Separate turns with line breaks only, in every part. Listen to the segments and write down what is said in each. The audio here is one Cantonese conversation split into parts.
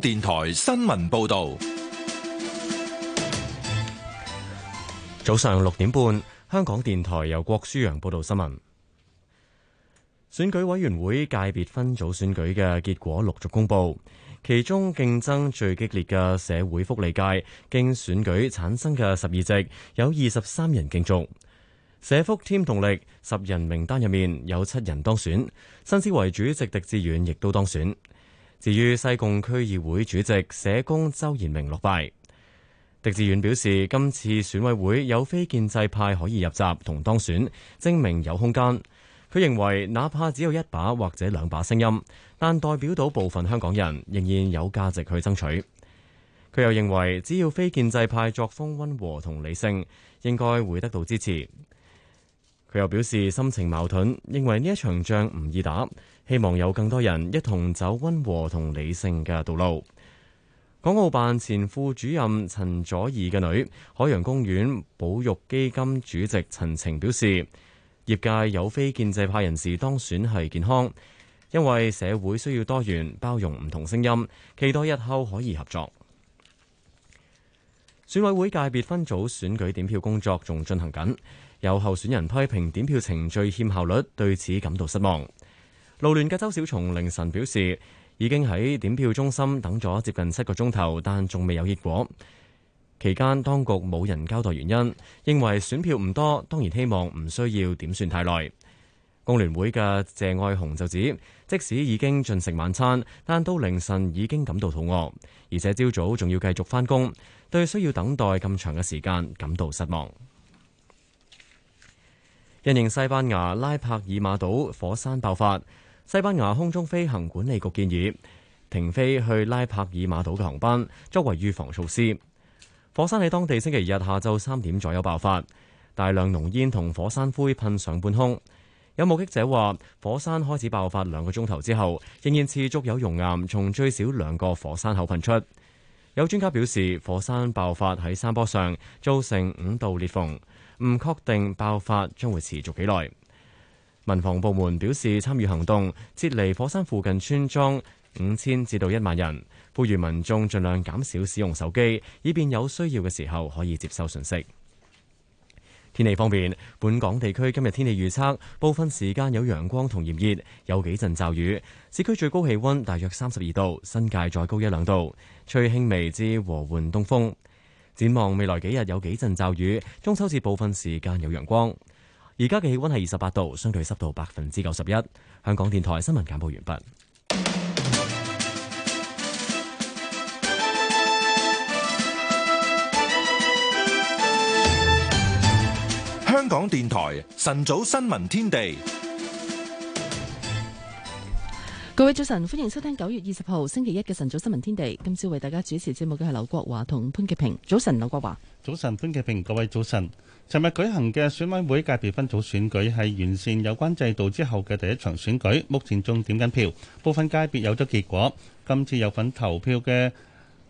電台新聞報道：早上六點半，
香港電台由郭舒揚報道新聞。選舉委員會界別分組選舉嘅結果陸續公布，其中競爭最激烈嘅社會福利界，經選舉產生嘅十二席有二十三人競逐。社福添動力十人名單入面有七人當選，新思維主席狄志遠亦都當選。至於西貢區議會主席社工周賢明落敗，狄志遠表示，今次選委會有非建制派可以入閘同當選，證明有空間。佢認為，哪怕只有一把或者兩把聲音，但代表到部分香港人仍然有價值去爭取。佢又認為，只要非建制派作風溫和同理性，應該會得到支持。佢又表示心情矛盾，認為呢一場仗唔易打，希望有更多人一同走溫和同理性嘅道路。港澳辦前副主任陳佐洱嘅女，海洋公園保育基金主席陳晴表示，業界有非建制派人士當選係健康，因為社會需要多元包容唔同聲音，期待日後可以合作。選委會界別分組選舉點票工作仲進行緊。有候選人批評點票程序欠效率，對此感到失望。勞聯嘅周小松凌晨表示，已經喺點票中心等咗接近七個鐘頭，但仲未有結果。期間當局冇人交代原因，認為選票唔多，當然希望唔需要點算太耐。工聯會嘅謝愛紅就指，即使已經進食晚餐，但都凌晨已經感到肚餓，而且朝早仲要繼續返工，對需要等待咁長嘅時間感到失望。因應西班牙拉帕爾馬島火山爆發，西班牙空中飛行管理局建議停飛去拉帕爾馬島嘅航班，作為預防措施。火山喺當地星期日下晝三點左右爆發，大量濃煙同火山灰噴上半空。有目擊者話，火山開始爆發兩個鐘頭之後，仍然持續有熔岩從最少兩個火山口噴出。有專家表示，火山爆發喺山坡上造成五道裂縫。唔確定爆發將會持續幾耐。民防部門表示參與行動，撤離火山附近村莊五千至到一萬人，呼籲民眾盡量減少使用手機，以便有需要嘅時候可以接收信息。天氣方面，本港地區今日天氣預測，部分時間有陽光同炎熱，有幾陣驟雨。市區最高氣温大約三十二度，新界再高一兩度。吹輕微至和緩東風。展望未來幾日有幾陣驟雨，中秋節部分時間有陽光。而家嘅氣温係二十八度，相對濕度百分之九十一。香港電台新聞簡報完畢。
香港電台晨早新聞天地。
各位早晨，歡迎收聽九月二十號星期一嘅晨早新聞天地。今朝為大家主持節目嘅係劉
國華同潘潔平。早晨，劉國華。早晨，潘潔平。各位早晨。尋日舉行嘅選委會界別分組選舉係完善有關制度之後嘅第一場選舉，目前仲點緊票，部分界別有咗結果。今次有份投票嘅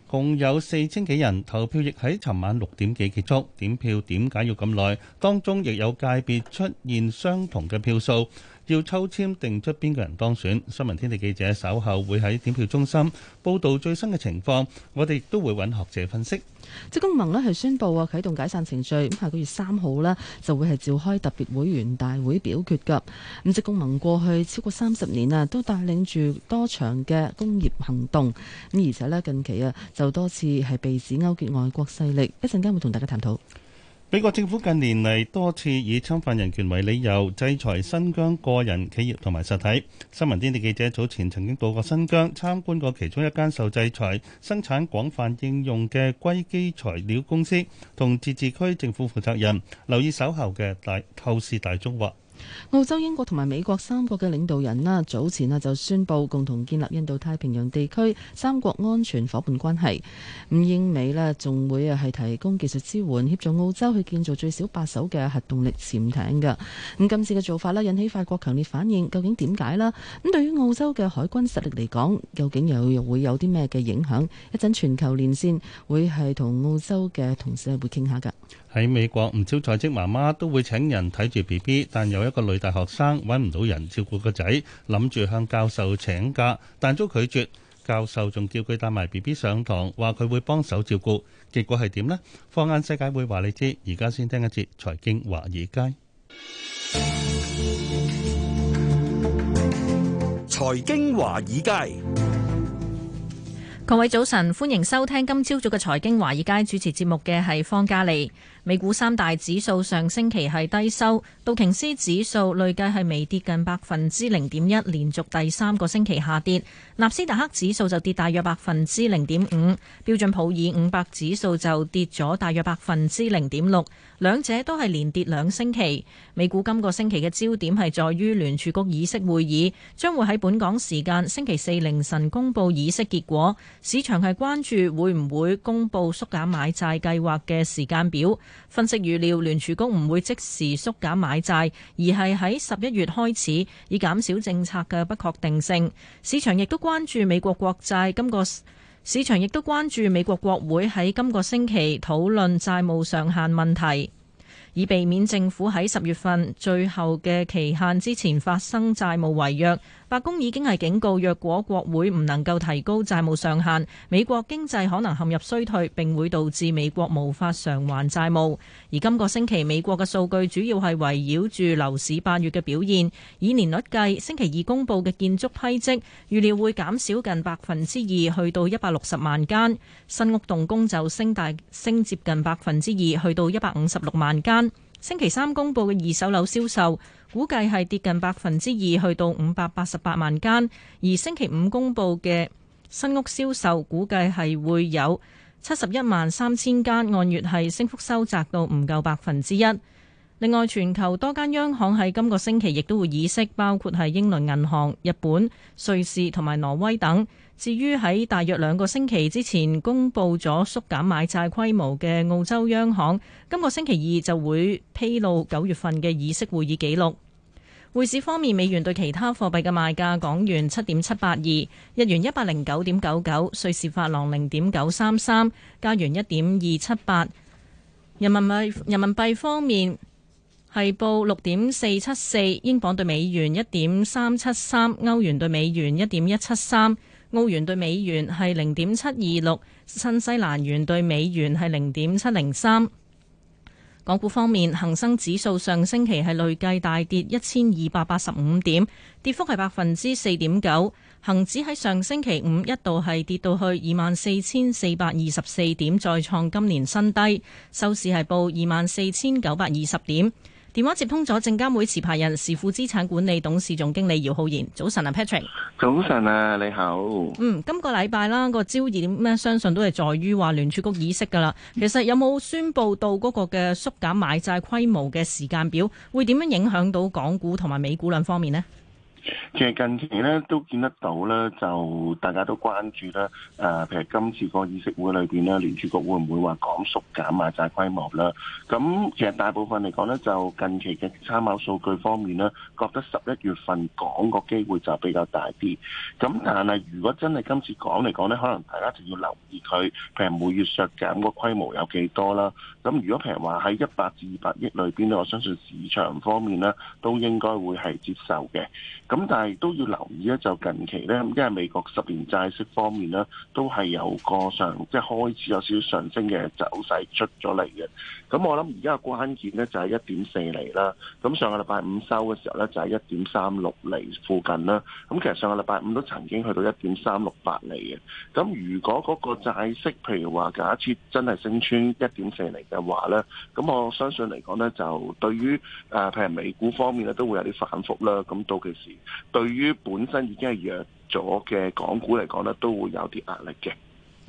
共有四千幾人，投票亦喺尋晚六點幾結束。點票點解要咁耐？當中亦有界別出現相同嘅票數。要抽籤定出邊個人當選。新聞天地記者稍後會喺點票中心報導最新嘅情況，我哋亦都會搵學者分析。
職工盟呢係宣布啊，啟動解散程序。咁下個月三號呢，就會係召開特別會員大會表決㗎。咁職工盟過去超過三十年啊，都帶領住多場嘅工業行動。咁而且呢，近期啊，就多次係被指勾結外國勢力。一陣間會同大家探討。
美國政府近年嚟多次以侵犯人權為理由制裁新疆個人、企業同埋實體。新聞天地記者早前曾經到過新疆，參觀過其中一間受制裁、生產廣泛應用嘅硅基材料公司，同自治區政府負責人留意守候嘅大透視大足話。
澳洲、英國同埋美國三國嘅領導人啦，早前啊就宣布共同建立印度太平洋地區三國安全伙伴關係。咁英美呢仲會啊係提供技術支援，協助澳洲去建造最少八艘嘅核動力潛艇噶。咁今次嘅做法呢，引起法國強烈反應，究竟點解呢？咁對於澳洲嘅海軍實力嚟講，究竟又又會有啲咩嘅影響？一陣全球連線會係同澳洲嘅同事係會傾下噶。
喺美國，唔少在職媽媽都會請人睇住 B B，但有一個女大學生揾唔到人照顧個仔，諗住向教授請假，但遭拒絕。教授仲叫佢帶埋 B B 上堂，話佢會幫手照顧。結果係點呢？放眼世界會話你知，而家先聽一節財經華爾街。財
經華爾街，爾
街各位早晨，歡迎收聽今朝早嘅財經華爾街，主持節目嘅係方嘉莉。美股三大指數上星期係低收，道瓊斯指數累計係未跌近百分之零點一，連續第三個星期下跌，納斯達克指數就跌大約百分之零點五，標準普爾五百指數就跌咗大約百分之零點六，兩者都係連跌兩星期。美股今個星期嘅焦點係在於聯儲局議息會議，將會喺本港時間星期四凌晨公布議息結果，市場係關注會唔會公布縮減買債計劃嘅時間表。分析預料聯儲局唔會即時縮減買債，而係喺十一月開始，以減少政策嘅不確定性。市場亦都關注美國國債，今個市場亦都關注美國國會喺今個星期討論債務上限問題，以避免政府喺十月份最後嘅期限之前發生債務違約。白宮已經係警告，若果國會唔能夠提高債務上限，美國經濟可能陷入衰退，並會導致美國無法償還債務。而今個星期美國嘅數據主要係圍繞住樓市八月嘅表現，以年率計，星期二公布嘅建築批准預料會減少近百分之二，去到一百六十萬間；新屋動工就升大升接近百分之二，去到一百五十六萬間。星期三公布嘅二手樓銷售估計係跌近百分之二，去到五百八十八萬間；而星期五公布嘅新屋銷售估計係會有七十一萬三千間，按月係升幅收窄到唔夠百分之一。另外，全球多間央行喺今個星期亦都會議息，包括係英倫銀行、日本、瑞士同埋挪威等。至於喺大約兩個星期之前公布咗縮減買債規模嘅澳洲央行，今個星期二就會披露九月份嘅議息會議記錄。匯市方面，美元對其他貨幣嘅賣價，港元七點七八二，日元一百零九點九九，瑞士法郎零點九三三，加元一點二七八。人民幣人民幣方面係報六點四七四，英鎊對美元一點三七三，歐元對美元一點一七三。澳元兌美元係零點七二六，新西蘭元兌美元係零點七零三。港股方面，恒生指數上星期係累計大跌一千二百八十五點，跌幅係百分之四點九。恒指喺上星期五一度係跌到去二萬四千四百二十四點，再創今年新低。收市係報二萬四千九百二十點。電話接通咗證監會持牌人士、時富資產管理董事總經理姚浩然。早晨啊，Patrick。
早晨啊，你好。
嗯，今個禮拜啦，個焦點咩？相信都係在於話聯儲局議息噶啦。其實有冇宣布到嗰個嘅縮減買債規模嘅時間表？會點樣影響到港股同埋美股兩方面呢？
其實近期咧都見得到咧，就大家都關注啦。誒、啊，譬如今次個議息會裏邊咧，聯儲局會唔會話講縮減買債規模啦？咁其實大部分嚟講咧，就近期嘅參考數據方面咧，覺得十一月份講個機會就比較大啲。咁但係如果真係今次講嚟講咧，可能大家就要留意佢，譬如每月削減個規模有幾多啦。咁如果譬如話喺一百至二百億裏邊咧，我相信市場方面咧都應該會係接受嘅。咁咁但係都要留意咧，就近期咧，因為美國十年債息方面咧，都係有個上，即係開始有少少上升嘅走勢出咗嚟嘅。咁我諗而家嘅關鍵咧就係一點四厘啦。咁上個禮拜五收嘅時候咧就係一點三六厘附近啦。咁其實上個禮拜五都曾經去到一點三六八厘嘅。咁如果嗰個債息，譬如話假設真係升穿一點四厘嘅話咧，咁我相信嚟講咧就對於誒譬如美股方面咧都會有啲反覆啦。咁到其時。對於本身已經係弱咗嘅港股嚟講呢，都會有啲壓力嘅。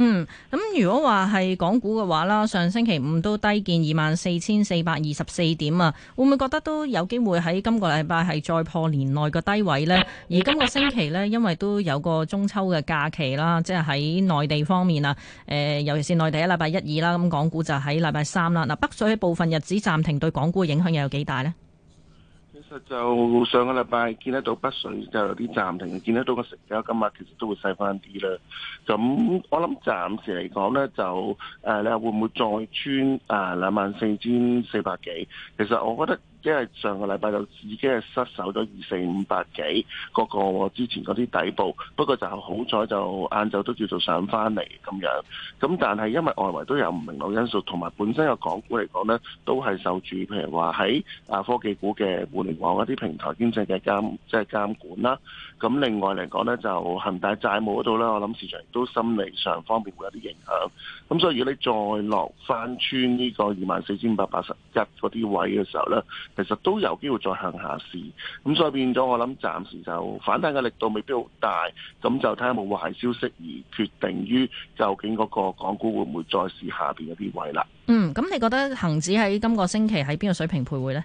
嗯，
咁如果話係港股嘅話啦，上星期五都低見二萬四千四百二十四點啊，會唔會覺得都有機會喺今個禮拜係再破年內個低位呢？而今個星期呢，因為都有個中秋嘅假期啦，即係喺內地方面啊，誒、呃，尤其是內地喺禮拜一二啦，咁港股就喺禮拜三啦。嗱，北水喺部分日子暫停對港股嘅影響又有幾大呢？
就上個禮拜見得到北水就有啲暫停，見得到個成交金額其實都會細返啲啦。咁我諗暫時嚟講咧，就誒你話會唔會再穿啊，兩萬四千四百幾？其實我覺得。因為上個禮拜就已經係失守咗二四五百幾個個之前嗰啲底部，不過就好彩就晏晝都叫做上翻嚟咁樣。咁但係因為外圍都有唔明朗因素，同埋本身嘅港股嚟講呢，都係受住譬如話喺啊科技股嘅互聯網一啲平台經濟嘅監即係、就是、監管啦。咁另外嚟講咧，就恒大債務嗰度咧，我諗市場都心理上方面會有啲影響。咁所以如果你再落翻穿呢個二萬四千五百八十一嗰啲位嘅時候咧，其實都有機會再向下試。咁所以變咗，我諗暫時就反彈嘅力度未必好大。咁就睇下冇壞消息而決定於究竟嗰個港股會唔會再試下邊嗰啲位啦。
嗯，咁你覺得恒指喺今個星期喺邊個水平徘徊咧？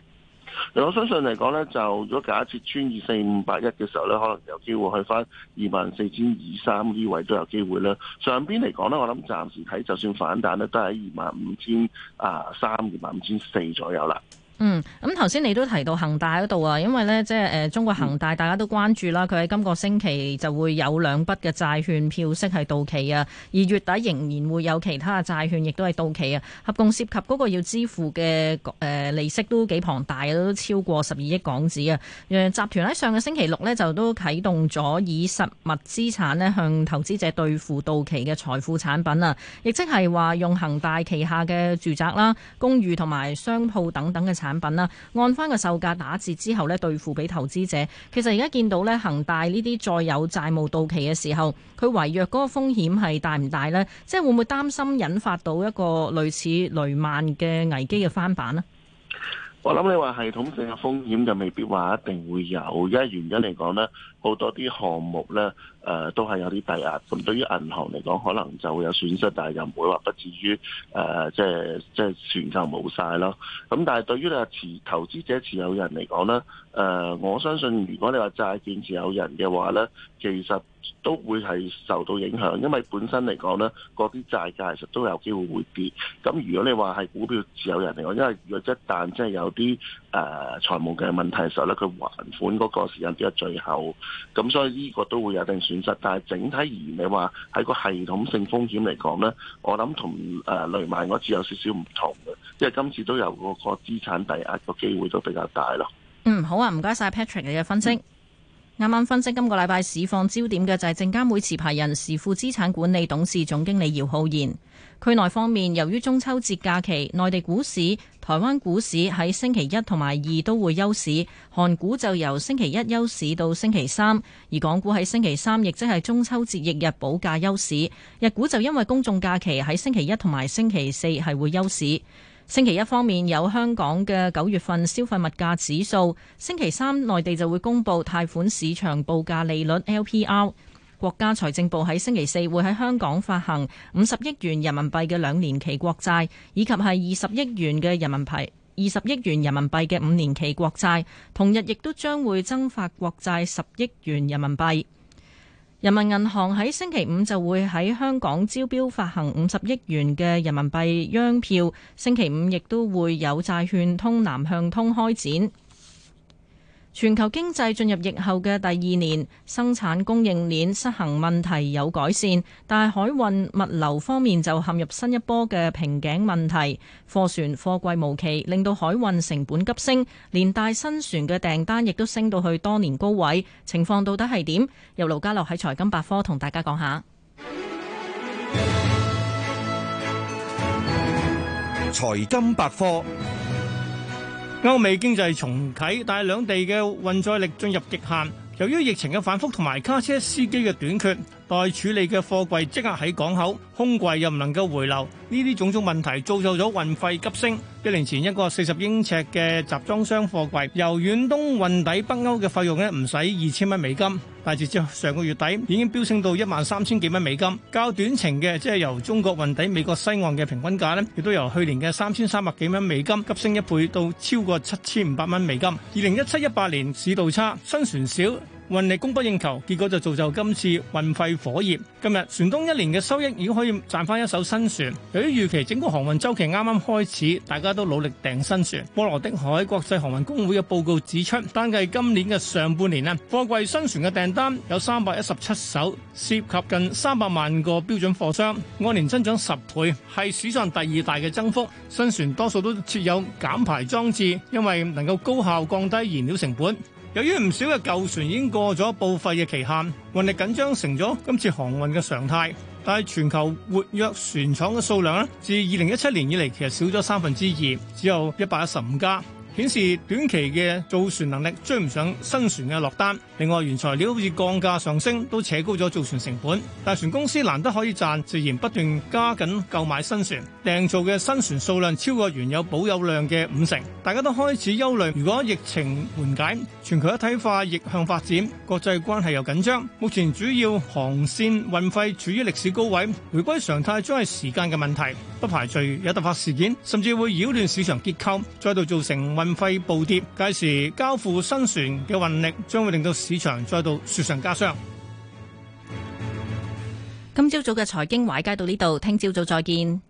我相信嚟講咧，就如果假設穿二四五八一嘅時候咧，可能有機會去返二萬四千二三呢位都有機會啦。上邊嚟講咧，我諗暫時睇就算反彈咧，都喺二萬五千啊三、二萬五千四左右啦。
嗯，咁頭先你都提到恒大嗰度啊，因為咧即係誒中國恒大大家都關注啦，佢喺今個星期就會有兩筆嘅債券票息係到期啊，而月底仍然會有其他嘅債券亦都係到期啊，合共涉及嗰個要支付嘅誒利息都幾龐大嘅，都超過十二億港紙啊。誒集團喺上個星期六咧就都啟動咗以實物資產咧向投資者兌付到期嘅財富產品啊，亦即係話用恒大旗下嘅住宅啦、公寓同埋商鋪等等嘅產。產品啦，按翻個售價打折之後咧，兌付俾投資者。其實而家見到咧，恒大呢啲再有債務到期嘅時候，佢違約嗰個風險係大唔大呢？即係會唔會擔心引發到一個類似雷曼嘅危機嘅翻版呢？
我諗你話系統性嘅風險就未必話一定會有，而家原因嚟講呢。好多啲項目咧，誒、呃、都係有啲抵押，咁對於銀行嚟講，可能就會有損失，但係又唔會話不至於誒，即係即係全就冇晒咯。咁但係對於你話持投資者持有人嚟講咧，誒、呃、我相信如果你話債券持有人嘅話咧，其實都會係受到影響，因為本身嚟講咧，嗰啲債價其實都有機會回跌。咁如果你話係股票持有人嚟講，因為若一旦即係有啲誒、呃、財務嘅問題嘅時候咧，佢還款嗰個時間只係最後。咁所以呢個都會有一定損失，但係整體而言，你話喺個系統性風險嚟講呢，我諗同誒雷曼嗰次有少少唔同嘅，因為今次都有嗰個資產抵押，嗰個機會都比較大咯。
嗯，好啊，唔該晒 Patrick 你嘅分析。啱啱、嗯、分析今個禮拜市況焦點嘅就係證監會持牌人士、時富資產管理董事總經理姚浩然。區內方面，由於中秋節假期，內地股市、台灣股市喺星期一同埋二都會休市，韓股就由星期一休市到星期三，而港股喺星期三亦即係中秋節翌日補假休市。日股就因為公眾假期喺星期一同埋星期四係會休市。星期一方面有香港嘅九月份消費物價指數，星期三內地就會公布貸款市場報價利率 LPR。國家財政部喺星期四會喺香港發行五十億元人民幣嘅兩年期國債，以及係二十億元嘅人民幣二十億元人民幣嘅五年期國債。同日亦都將會增發國債十億元人民幣。人民銀行喺星期五就會喺香港招標發行五十億元嘅人民幣央票。星期五亦都會有債券通南向通開展。全球經濟進入疫後嘅第二年，生產供應鏈失衡問題有改善，但係海運物流方面就陷入新一波嘅瓶頸問題。貨船貨櫃無期，令到海運成本急升，連帶新船嘅訂單亦都升到去多年高位。情況到底係點？由盧家樂喺財金百科同大家講下。
財金百科。歐美經濟重啟，但係兩地嘅運載力進入極限，由於疫情嘅反覆同埋卡車司機嘅短缺。待處理嘅貨櫃即刻喺港口，空櫃又唔能夠回流，呢啲種種問題造就咗運費急升。一年前一個四十英尺嘅集裝箱貨櫃由遠東運抵北歐嘅費用呢，唔使二千蚊美金，但係直至上個月底已經飆升到一萬三千幾蚊美金。較短程嘅即係由中國運抵美國西岸嘅平均價呢，亦都由去年嘅三千三百幾蚊美金急升一倍到超過七千五百蚊美金。二零一七一八年市道差，新船少。運力供不應求，結果就造就今次運費火熱。今日船東一年嘅收益已經可以賺翻一艘新船。由於預期整個航運週期啱啱開始，大家都努力訂新船。波羅的海國際航運公會嘅報告指出，單計今年嘅上半年咧，貨櫃新船嘅訂單有三百一十七艘，涉及近三百萬個標準貨箱，按年增長十倍，係史上第二大嘅增幅。新船多數都設有減排裝置，因為能夠高效降低燃料成本。由於唔少嘅舊船已經過咗報廢嘅期限，運力緊張成咗今次航運嘅常態。但係全球活躍船廠嘅數量呢，自二零一七年以嚟其實少咗三分之二，只有一百一十五家。顯示短期嘅造船能力追唔上新船嘅落單，另外原材料好似降價上升都扯高咗造船成本。大船公司難得可以賺，自然不斷加緊購買新船，訂造嘅新船數量超過原有保有量嘅五成。大家都開始憂慮，如果疫情緩解，全球一體化逆向發展，國際關係又緊張，目前主要航線運費處於歷史高位，回歸常態將係時間嘅問題。不排除有突發事件，甚至會擾亂市場結構，再度造成運費暴跌，屆時交付新船嘅運力將會令到市場再度雪上加霜。
今朝早嘅財經華爾街到呢度，聽朝早再見。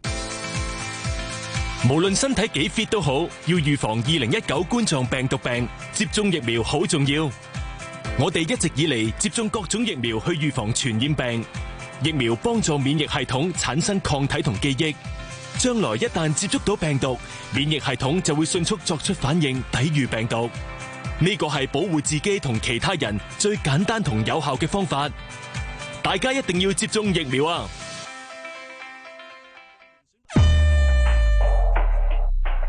無論身體幾 fit 都好，要預防二零一九冠狀病毒病，接種疫苗好重要。我哋一直以嚟接種各種疫苗去預防傳染病，疫苗幫助免疫系統產生抗體同記憶。將來一旦接觸到病毒，免疫系統就會迅速作出反應，抵禦病毒。呢個係保護自己同其他人最簡單同有效嘅方法。大家一定要接種疫苗啊！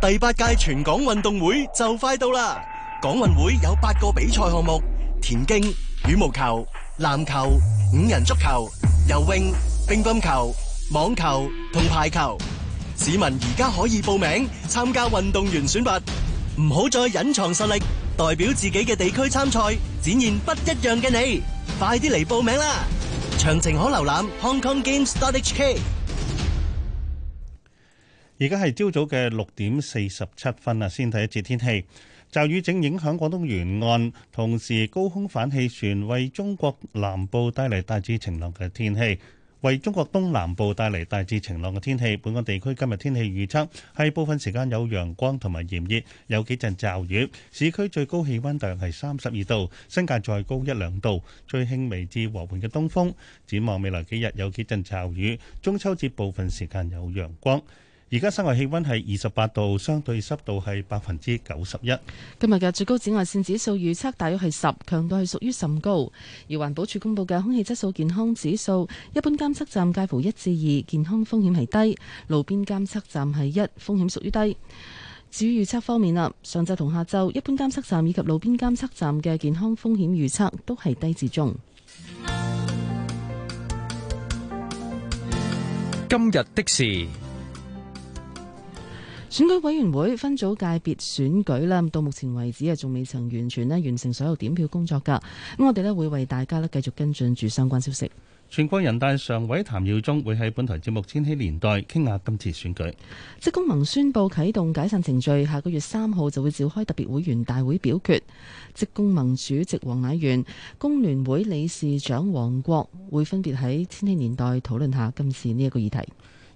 第八屆全港運動會就快到啦！港運會有八個比賽項目：田徑、羽毛球、籃球、五人足球、游泳、乒乓球、網球同排球。市民而家可以報名參加運動員選拔，唔好再隱藏實力，代表自己嘅地區參賽，展現不一樣嘅你，快啲嚟報名啦！
詳情可瀏覽 Hong Kong Games Storage K。而
家係朝早嘅六點四十七分啊，先睇一節天氣，驟雨正影響廣東沿岸，同時高空反氣旋為中國南部帶嚟大致晴朗嘅天氣。為中國東南部帶嚟大致晴朗嘅天氣，本港地區今日天，天氣預測係部分時間有陽光同埋炎熱，有幾陣驟雨。市區最高氣温大約係三十二度，新界再高一兩度，最輕微至和緩嘅東風。展望未來幾日有幾陣驟雨，中秋節部分時間有陽光。而家室外氣溫係二十八度，相對濕度係百分之九十一。今日
嘅最高紫外線指數預測大約係十，強度係屬於甚高。而環保署公布嘅空氣質素健康指數，一般監測站介乎一至二，健康風險係低；路邊監測站係一，風險屬於低。至於預測方面啊，上晝同下晝一般監測站以及路邊監測站嘅健康風險預測都係低至中。
今日的時。
選舉委員會分組界別選舉啦，到目前為止啊，仲未曾完全咧完成所有點票工作㗎。咁我哋咧會為大家咧繼續跟進住相關消息。
全國人大常委譚耀宗會喺本台節目《千禧年代》傾下今次選舉。
職工盟宣布啟動解散程序，下個月三號就會召開特別會員大會表決。職工盟主席黃乃元、工聯會理事長黃國會分別喺《千禧年代》討論下今次呢一個議題。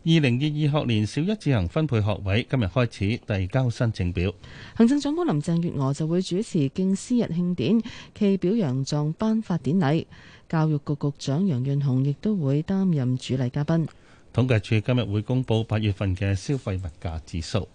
二零二二學年小一自行分配學位今日開始遞交申請表。行政長官林
鄭月娥就會主持敬師日慶典暨表揚狀頒發典禮，教育局局長楊潤雄亦都會擔任主禮嘉賓。
統計處今日會公布八月份嘅消費物價指數。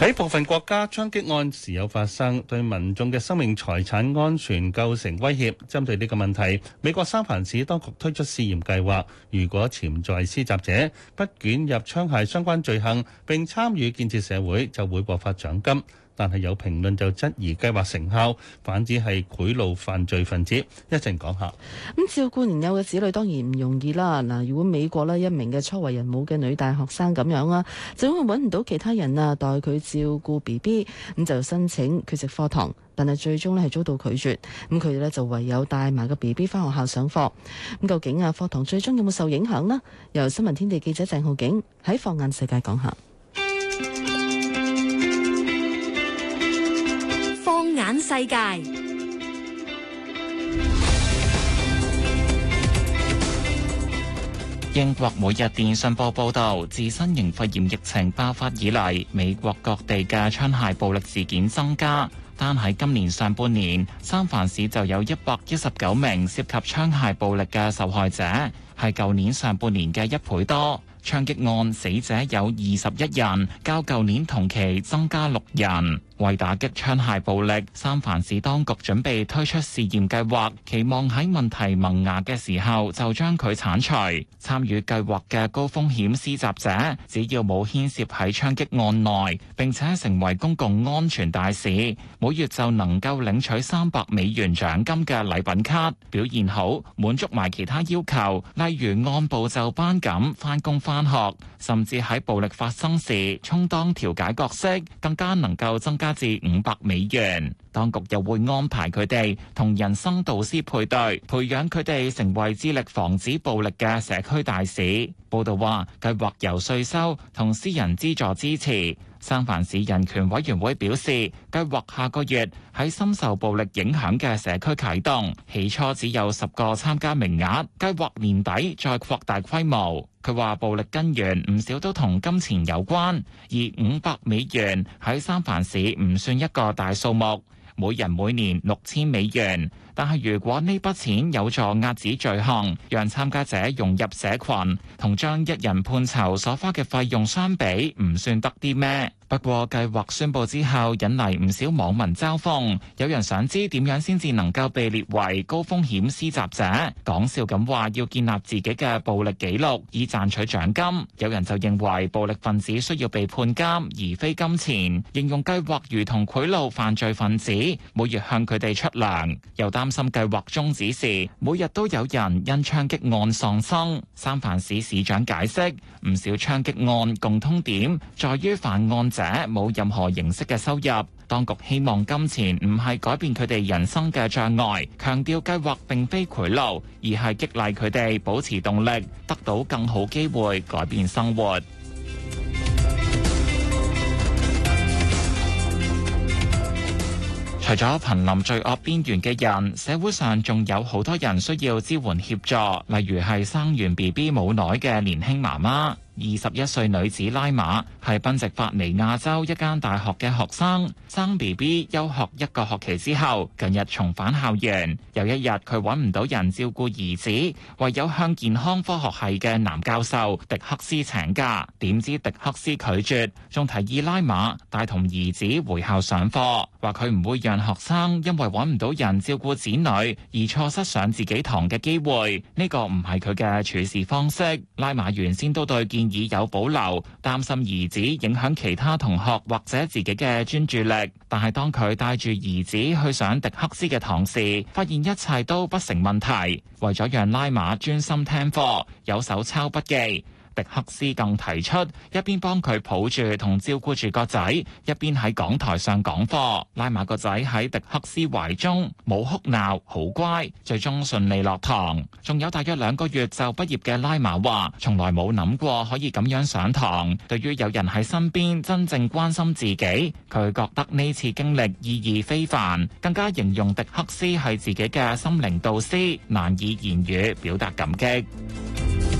喺部分國家槍擊案時有發生，對民眾嘅生命財產安全構成威脅。針對呢個問題，美國三藩市當局推出試驗計劃，如果潛在施襲者不捲入槍械相關罪行並參與建設社會，就會獲發獎金。但係有評論就質疑計劃成效，反之係賄賂犯罪分子。一陣講下。
咁照顧年幼嘅子女當然唔容易啦。嗱，如果美國呢一名嘅初為人母嘅女大學生咁樣啊，就因為揾唔到其他人啊代佢照顧 BB，咁就申請缺席課堂，但係最終呢係遭到拒絕。咁佢哋呢就唯有帶埋個 BB 返學校上課。咁究竟啊課堂最終有冇受影響呢？由新聞天地記者鄭浩景喺放眼世界講下。
世界。
英國每日電訊報報道，自新型肺炎疫情爆發以嚟，美國各地嘅槍械暴力事件增加。單喺今年上半年，三藩市就有一百一十九名涉及槍械暴力嘅受害者，係舊年上半年嘅一倍多。槍擊案死者有二十一人，較舊年同期增加六人。為打擊槍械暴力，三藩市當局準備推出試驗計劃，期望喺問題萌芽嘅時候就將佢剷除。參與計劃嘅高風險施襲者，只要冇牽涉喺槍擊案內，並且成為公共安全大使，每月就能夠領取三百美元獎金嘅禮品卡。表現好，滿足埋其他要求，例如按部就班咁返工返學，甚至喺暴力發生時充當調解角色，更加能夠增加至五百美元，當局又會安排佢哋同人生導師配對，培養佢哋成為致力防止暴力嘅社區大使。報道話，計劃由稅收同私人資助支持。三藩市人權委員會表示，計劃下個月喺深受暴力影響嘅社區啟動，起初只有十個參加名額，計劃年底再擴大規模。佢話暴力根源唔少都同金錢有關，而五百美元喺三藩市唔算一個大數目，每人每年六千美元。但係，如果呢筆錢有助壓止罪行，讓參加者融入社群，同將一人判囚所花嘅費用相比，唔算得啲咩？計劃不過計劃宣佈之後引嚟唔少網民嘲諷，有人想知點樣先至能夠被列為高風險施襲者，講笑咁話要建立自己嘅暴力記錄以賺取獎金。有人就認為暴力分子需要被判監而非金錢，應用計劃如同賄賂犯罪分子，每月向佢哋出糧。又擔心計劃終止時，每日都有人因槍擊案喪生。三藩市市長解釋，唔少槍擊案共通點在於犯案者冇任何形式嘅收入，當局希望金錢唔係改變佢哋人生嘅障礙，強調計劃並非賄賂，而係激勵佢哋保持動力，得到更好機會改變生活。除咗瀕臨罪惡邊緣嘅人，社會上仲有好多人需要支援協助，例如係生完 BB 冇耐嘅年輕媽媽。二十一歲女子拉馬係賓夕法尼亞州一間大學嘅學生，生 B B 休學一個學期之後，近日重返校園。有一日佢揾唔到人照顧兒子，唯有向健康科學系嘅男教授迪克斯請假，點知迪克斯拒絕，仲提議拉馬帶同兒子回校上課。話佢唔會讓學生因為揾唔到人照顧子女而錯失上自己堂嘅機會，呢、這個唔係佢嘅處事方式。拉馬原先都對建議有保留，擔心兒子影響其他同學或者自己嘅專注力。但係當佢帶住兒子去上迪克斯嘅堂時，發現一切都不成問題。為咗讓拉馬專心聽課，有手抄筆記。迪克斯更提出，一邊幫佢抱住同照顧住個仔，一邊喺講台上講課。拉瑪個仔喺迪克斯懷中，冇哭鬧，好乖，最終順利落堂。仲有大約兩個月就畢業嘅拉瑪話，從來冇諗過可以咁樣上堂。對於有人喺身邊真正關心自己，佢覺得呢次經歷意義非凡，更加形容迪克斯係自己嘅心靈導師，難以言語表達感激。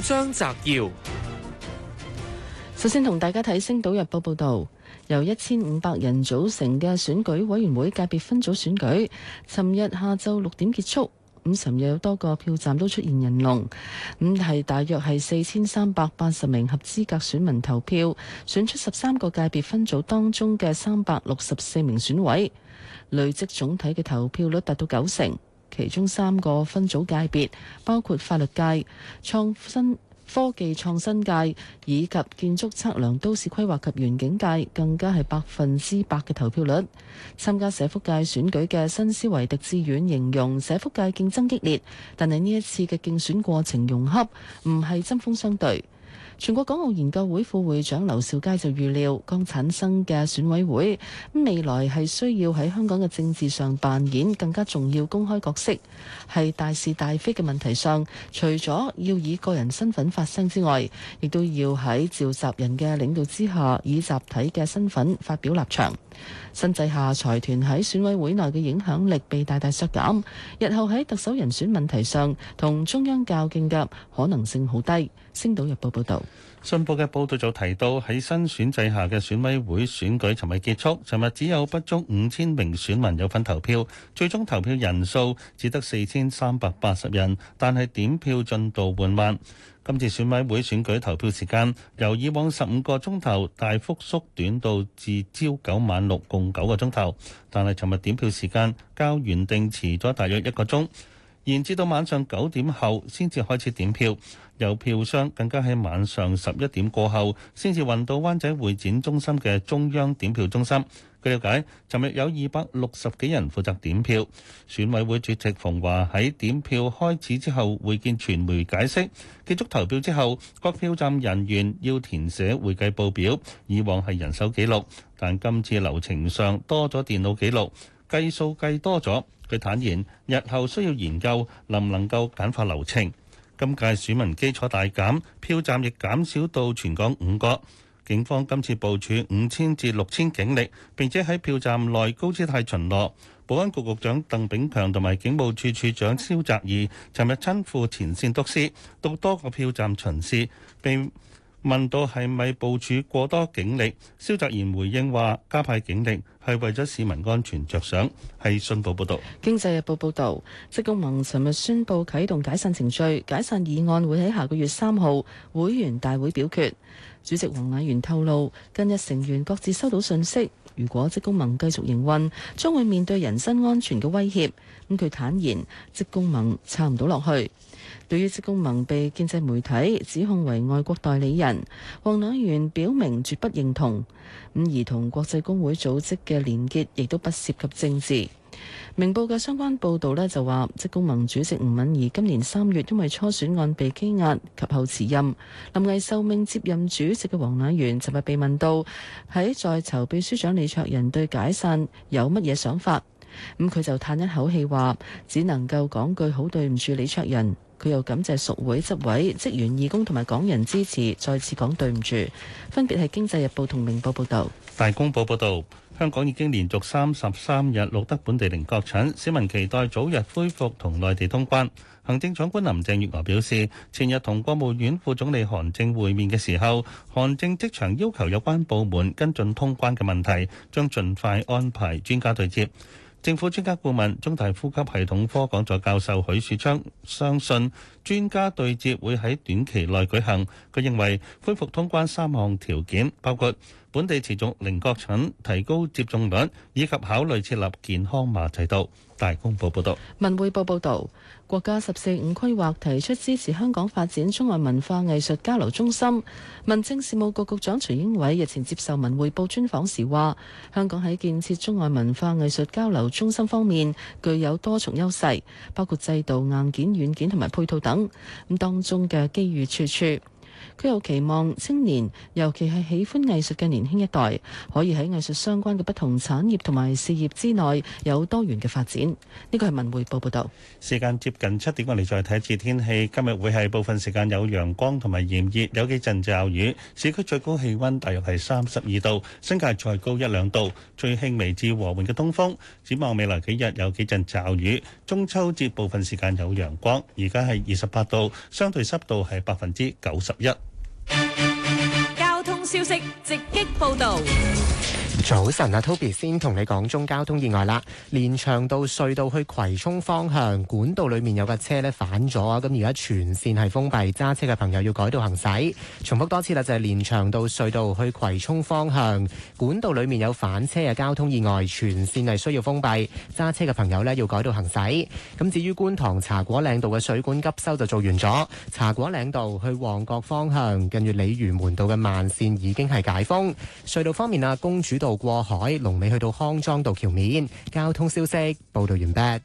張澤堯，
首先同大家睇《星島日報》報道，由一千五百人組成嘅選舉委員會界別分組選舉，尋日下晝六點結束。咁尋日有多個票站都出現人龍，咁係大約係四千三百八十名合資格選民投票，選出十三個界別分組當中嘅三百六十四名選委，累積總體嘅投票率達到九成。其中三個分組界別包括法律界、創新科技創新界以及建築測量、都市規劃及園景界，更加係百分之百嘅投票率。參加社福界選舉嘅新思維狄志遠形容社福界競爭激烈，但係呢一次嘅競選過程融洽，唔係針鋒相對。全國港澳研究會副會長劉兆佳就預料，剛產生嘅選委會，未來係需要喺香港嘅政治上扮演更加重要公開角色，係大是大非嘅問題上，除咗要以個人身份發聲之外，亦都要喺召集人嘅領導之下，以集體嘅身份發表立場。新制下財團喺選委會內嘅影響力被大大削減，日後喺特首人選問題上同中央較勁嘅可能性好低。星島日報報道。
信報嘅報道就提到，喺新選制下嘅選委會選舉尋日結束，尋日只有不足五千名選民有份投票，最終投票人數只得四千三百八十人，但係點票進度緩慢。今次選委會選舉投票時間由以往十五個鐘頭大幅縮短到至朝九晚六共九個鐘頭，但係尋日點票時間較原定遲咗大約一個鐘。延至到晚上九點後先至開始點票，有票箱更加喺晚上十一點過後先至運到灣仔會展中心嘅中央點票中心。據了解，尋日有二百六十幾人負責點票。選委會主席馮驊喺點票開始之後會見傳媒解釋，結束投票之後，各票站人員要填寫會計報表。以往係人手記錄，但今次流程上多咗電腦記錄，計數計多咗。佢坦言，日後需要研究能唔能夠簡化流程。今屆選民基礎大減，票站亦減少到全港五個。警方今次部署五千至六千警力，並且喺票站內高姿態巡邏。保安局局長鄧炳強同埋警務處處長蕭澤頤，尋日親赴前線督師，到多個票站巡視並。問到係咪部署過多警力，蕭澤賢回應話：加派警力係為咗市民安全着想。係信報報導，
《經濟日報》報導，職工盟尋日宣布啟動解散程序，解散議案會喺下個月三號會員大會表決。主席黃迺元透露，近日成員各自收到訊息，如果職工盟繼續營運，將會面對人身安全嘅威脅。咁佢坦言，職工盟撐唔到落去。對於職工盟被建制媒體指控為外國代理人，黃迺元表明絕不認同。咁而同國際工會組織嘅連結亦都不涉及政治。明報嘅相關報導呢，就話，職工盟主席吳敏兒今年三月因為初選案被羈押及後辭任，臨危受命接任主席嘅黃迺元，尋日被問到喺在囚秘書長李卓人對解散有乜嘢想法，咁佢就嘆一口氣話，只能夠講句好對唔住李卓人。佢又感謝屬會執委、職員、義工同埋港人支持，再次講對唔住。分別係《經濟日報》同《明報》報導，
《大公報》報導，香港已經連續三十三日錄得本地零確診，市民期待早日恢復同內地通關。行政長官林鄭月娥表示，前日同國務院副總理韓正會面嘅時候，韓正即場要求有關部門跟進通關嘅問題，將盡快安排專家對接。政府專家顧問、中大呼吸系統科講座教授許樹昌相信，專家對接會喺短期內舉行。佢認為，恢復通關三項條件包括本地持續零確診、提高接種率以及考慮設立健康碼制度。大公報報道。
文匯報報導。國家十四五規劃提出支持香港發展中外文化藝術交流中心。民政事務局局長徐英偉日前接受文匯報專訪時話：香港喺建設中外文化藝術交流中心方面具有多重優勢，包括制度、硬件、軟件同埋配套等，咁當中嘅機遇處處。佢又期望青年，尤其係喜歡藝術嘅年輕一代，可以喺藝術相關嘅不同產業同埋事業之內有多元嘅發展。呢個係文匯報報導。
時間接近七點，我哋再睇一次天氣。今日會係部分時間有陽光同埋炎熱，有幾陣驟雨。市區最高氣温大約係三十二度，新界再高一兩度，最輕微至和緩嘅東風。展望未來幾日有幾陣驟雨，中秋節部分時間有陽光。而家係二十八度，相對濕度係百分之九十一。
交通消息，直擊報道。
早晨啊，Toby 先同你講
中交通意外啦。連長道隧道去葵涌方向管道裏面有架車咧反咗，咁而家全線係封閉，揸車嘅朋友要改道行駛。重複多次啦，就係連長道隧道去葵涌方向管道裏面有反車嘅交通意外，全線係需要封閉，揸車嘅朋友呢，要改道行駛。咁至於觀塘茶果嶺道嘅水管急修就做完咗，茶果嶺道去旺角方向近住鯉魚門道嘅慢線已經係解封。隧道方面啊，公主道。過海龍尾去到康莊道橋面，交通消息報道完畢。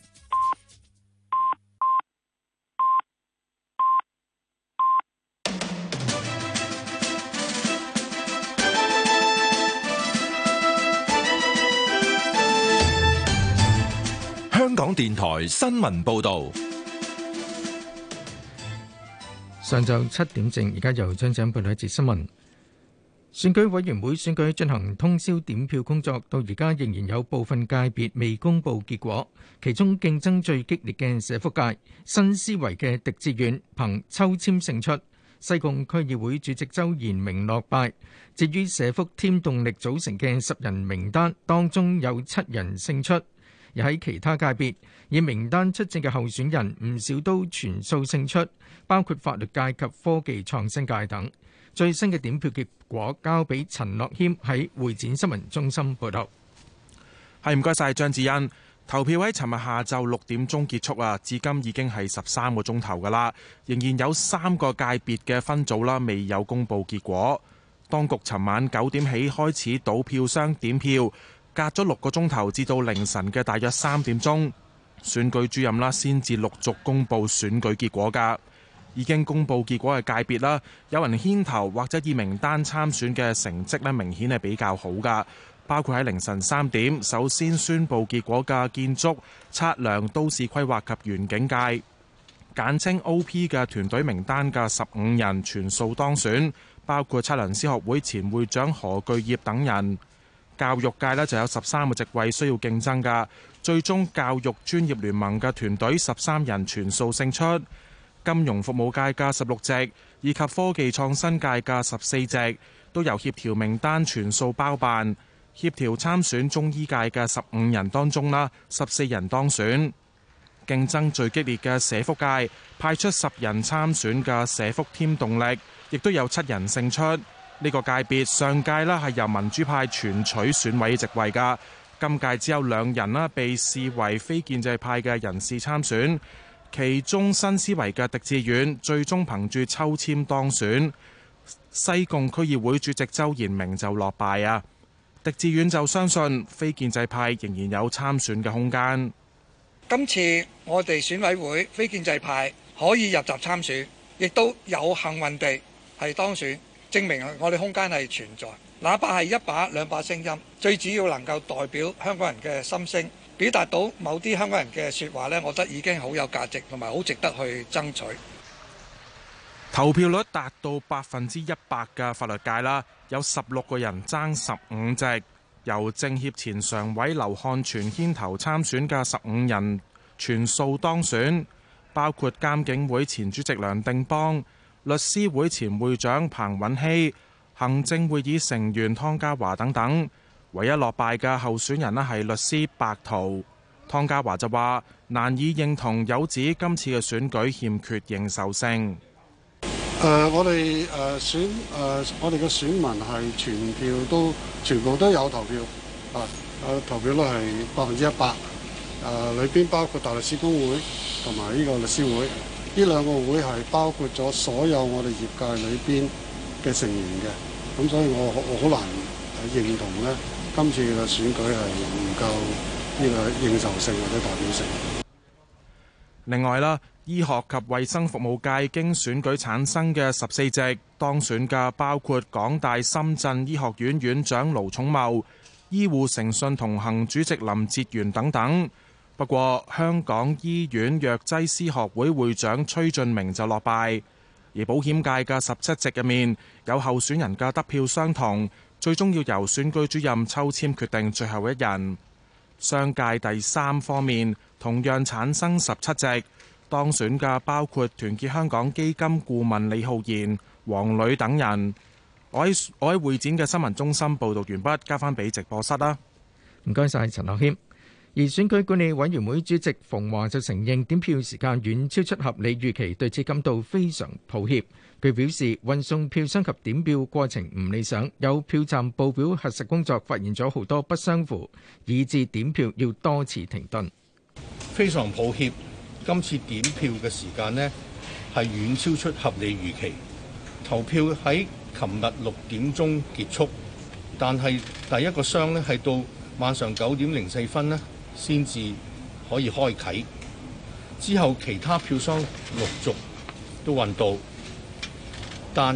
香港電台新聞報道，
上晝七點正，而家由張生帶來一節新聞。選舉委員會選舉進行通宵點票工作，到而家仍然有部分界別未公布結果。其中競爭最激烈嘅社福界，新思維嘅狄志遠憑抽籤勝出。西貢區議會主席周延明落敗。至於社福添動力組成嘅十人名單，當中有七人勝出。而喺其他界別，以名單出戰嘅候選人，唔少都全數勝出，包括法律界及科技創新界等。最新嘅點票
結果交俾陳樂謙喺會展新聞中心報導。係唔該晒張子欣。投票喺尋日下晝六點鐘結束啊，至今已經係十三個鐘頭㗎喇，仍然有三個界別嘅分組啦，未有公佈結果。當局尋晚九點起開始倒票箱點票，隔咗六個鐘頭至到凌晨嘅大約三點鐘，選舉主任啦，先至陸續公佈選舉結果㗎。已經公布結果嘅界別啦，有人牽頭或者以名單參選嘅成績咧，明顯係比較好噶。包括喺凌晨三點首先宣布結果嘅建築測量都市規劃及園境界簡稱 O.P. 嘅團隊名單嘅十五人全數當選，包括測量師學會前會長何巨業等人。教育界呢就有十三個席位需要競爭噶，最終教育專業聯盟嘅團隊十三人全數勝出。金融服務界嘅十六席以及科技創新界嘅十四席，都由協調名單全數包辦。協調參選中醫界嘅十五人當中啦，十四人當選。競爭最激烈嘅社福界派出十人參選嘅社福添動力，亦都有七人勝出。呢個界別上屆啦係由民主派全取選委席位噶，今屆只有兩人啦被視為非建制派嘅人士參選。其中新思維嘅狄志遠最終憑住抽簽當選西貢區議會主席，周延明就落敗啊！狄志遠就相信非建制派仍然有參選嘅空間。
今次我哋選委會非建制派可以入閘參選，亦都有幸運地係當選，證明我哋空間係存在，哪怕係一把兩把聲音，最主要能夠代表香港人嘅心聲。表達到某啲香港人嘅説話呢，我覺得已經好有價值同埋好值得去爭取。
投票率達到百分之一百嘅法律界啦，有十六個人爭十五席，由政協前常委劉漢全牽頭參選嘅十五人全數當選，包括監警會前主席梁定邦、律師會前會長彭允熙、行政會議成員湯家驊等等。唯一落敗嘅候選人咧係律師白濤。湯家驊就話：難以認同有指今次嘅選舉欠缺認受性。
誒、呃，我哋誒、呃、選誒、呃，我哋嘅選民係全票都全部都有投票啊，誒投票率係百分之一百。誒、呃，裏邊包括大律師公會同埋呢個律師會，呢兩個會係包括咗所有我哋業界裏邊嘅成員嘅。咁所以我我好難係認同咧。今次嘅選舉係唔夠呢個認受性或者代表性。
另外啦，醫學及衛生服務界經選舉產生嘅十四席當選嘅包括港大深圳醫學院院長盧寵茂、醫護誠信同行主席林哲元等等。不過，香港醫院藥劑師學會會長崔俊明就落敗。而保險界嘅十七席入面有候選人嘅得票相同。最終要由選舉主任抽籤決定最後一人。商界第三方面同樣產生十七席，當選嘅包括團結香港基金顧問李浩然、黃磊等人。我喺我喺會展嘅新聞中心報道完畢，交翻俾直播室啦。唔該晒，陳樂
謙。而選舉管理委員會主席馮華就承認點票時間遠超出合理預期，對此感到非常抱歉。佢表示運送票箱及點票過程唔理想，有票站報表核實工作發現咗好多不相符，以致點票要多次停頓。
非常抱
歉，今次點票嘅時
間呢係遠超出合理預期。投票喺琴日六點鐘結束，但係第一個箱呢係到晚上九點零四分呢先至可以開啟，之後其他票箱陸續都運到。但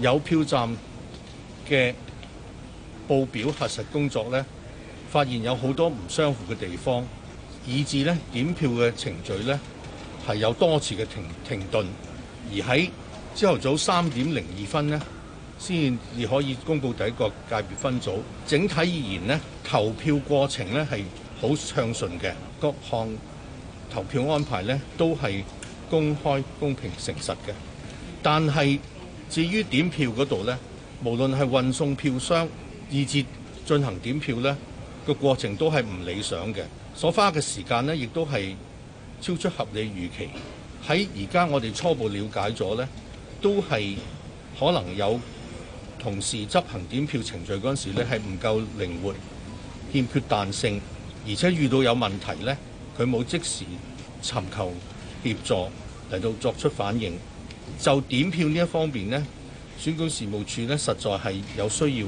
有票站嘅報表核實工作咧，發現有好多唔相符嘅地方，以致咧點票嘅程序咧係有多次嘅停停頓。而喺朝頭早三點零二分咧先至可以公布第一個界別分組。整體而言咧，投票過程咧係好暢順嘅，各項投票安排咧都係公開、公平、誠實嘅，但係。至於點票嗰度呢，無論係運送票箱，以至進行點票呢，個過程都係唔理想嘅，所花嘅時間呢，亦都係超出合理預期。喺而家我哋初步了解咗呢，都係可能有同時執行點票程序嗰陣時呢，係唔夠靈活，欠缺彈性，而且遇到有問題呢，佢冇即時尋求協助嚟到作出反應。就點票呢一方面咧，選舉事務處咧，實在係有需要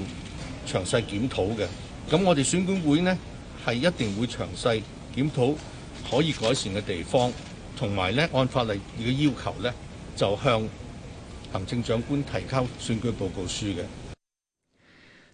詳細檢討嘅。咁我哋選管會咧，係一定會詳細檢討可以改善嘅地方，同埋咧，按法例嘅
要求咧，就向行政長官提交選舉報告書嘅。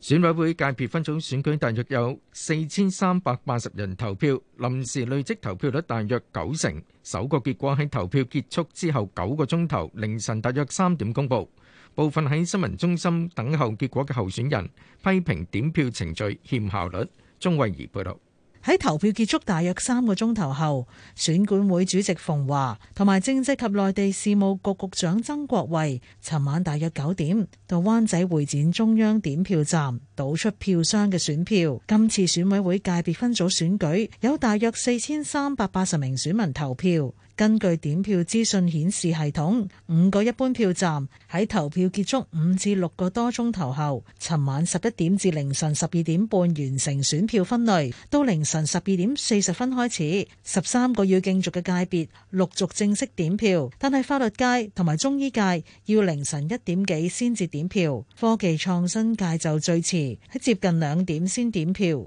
選委會界別分組選舉大約有四千三百八十人投票，臨時累積投票率大約九成。首個結果喺投票結束之後九個鐘頭凌晨大約三點公佈。部分喺新聞中心等候結果嘅候選人批評點票程序欠效率。鍾慧儀報導。喺
投票結束大約三個鐘頭後，選管會主席馮華同埋政制及內地事務局局長曾國衛，尋晚大約九點到灣仔會展中央點票站倒出票箱嘅選票。今次選委會界別分組選舉有大約四千三百八十名選民投票。根據點票資訊顯示系統，五個一般票站喺投票結束五至六個多鐘頭後，尋晚十一點至凌晨十二點半完成選票分類，到凌晨十二點四十分開始，十三個要競逐嘅界別陸續正式點票。但係法律界同埋中醫界要凌晨一點幾先至點票，科技創新界就最遲喺接近兩點先點票。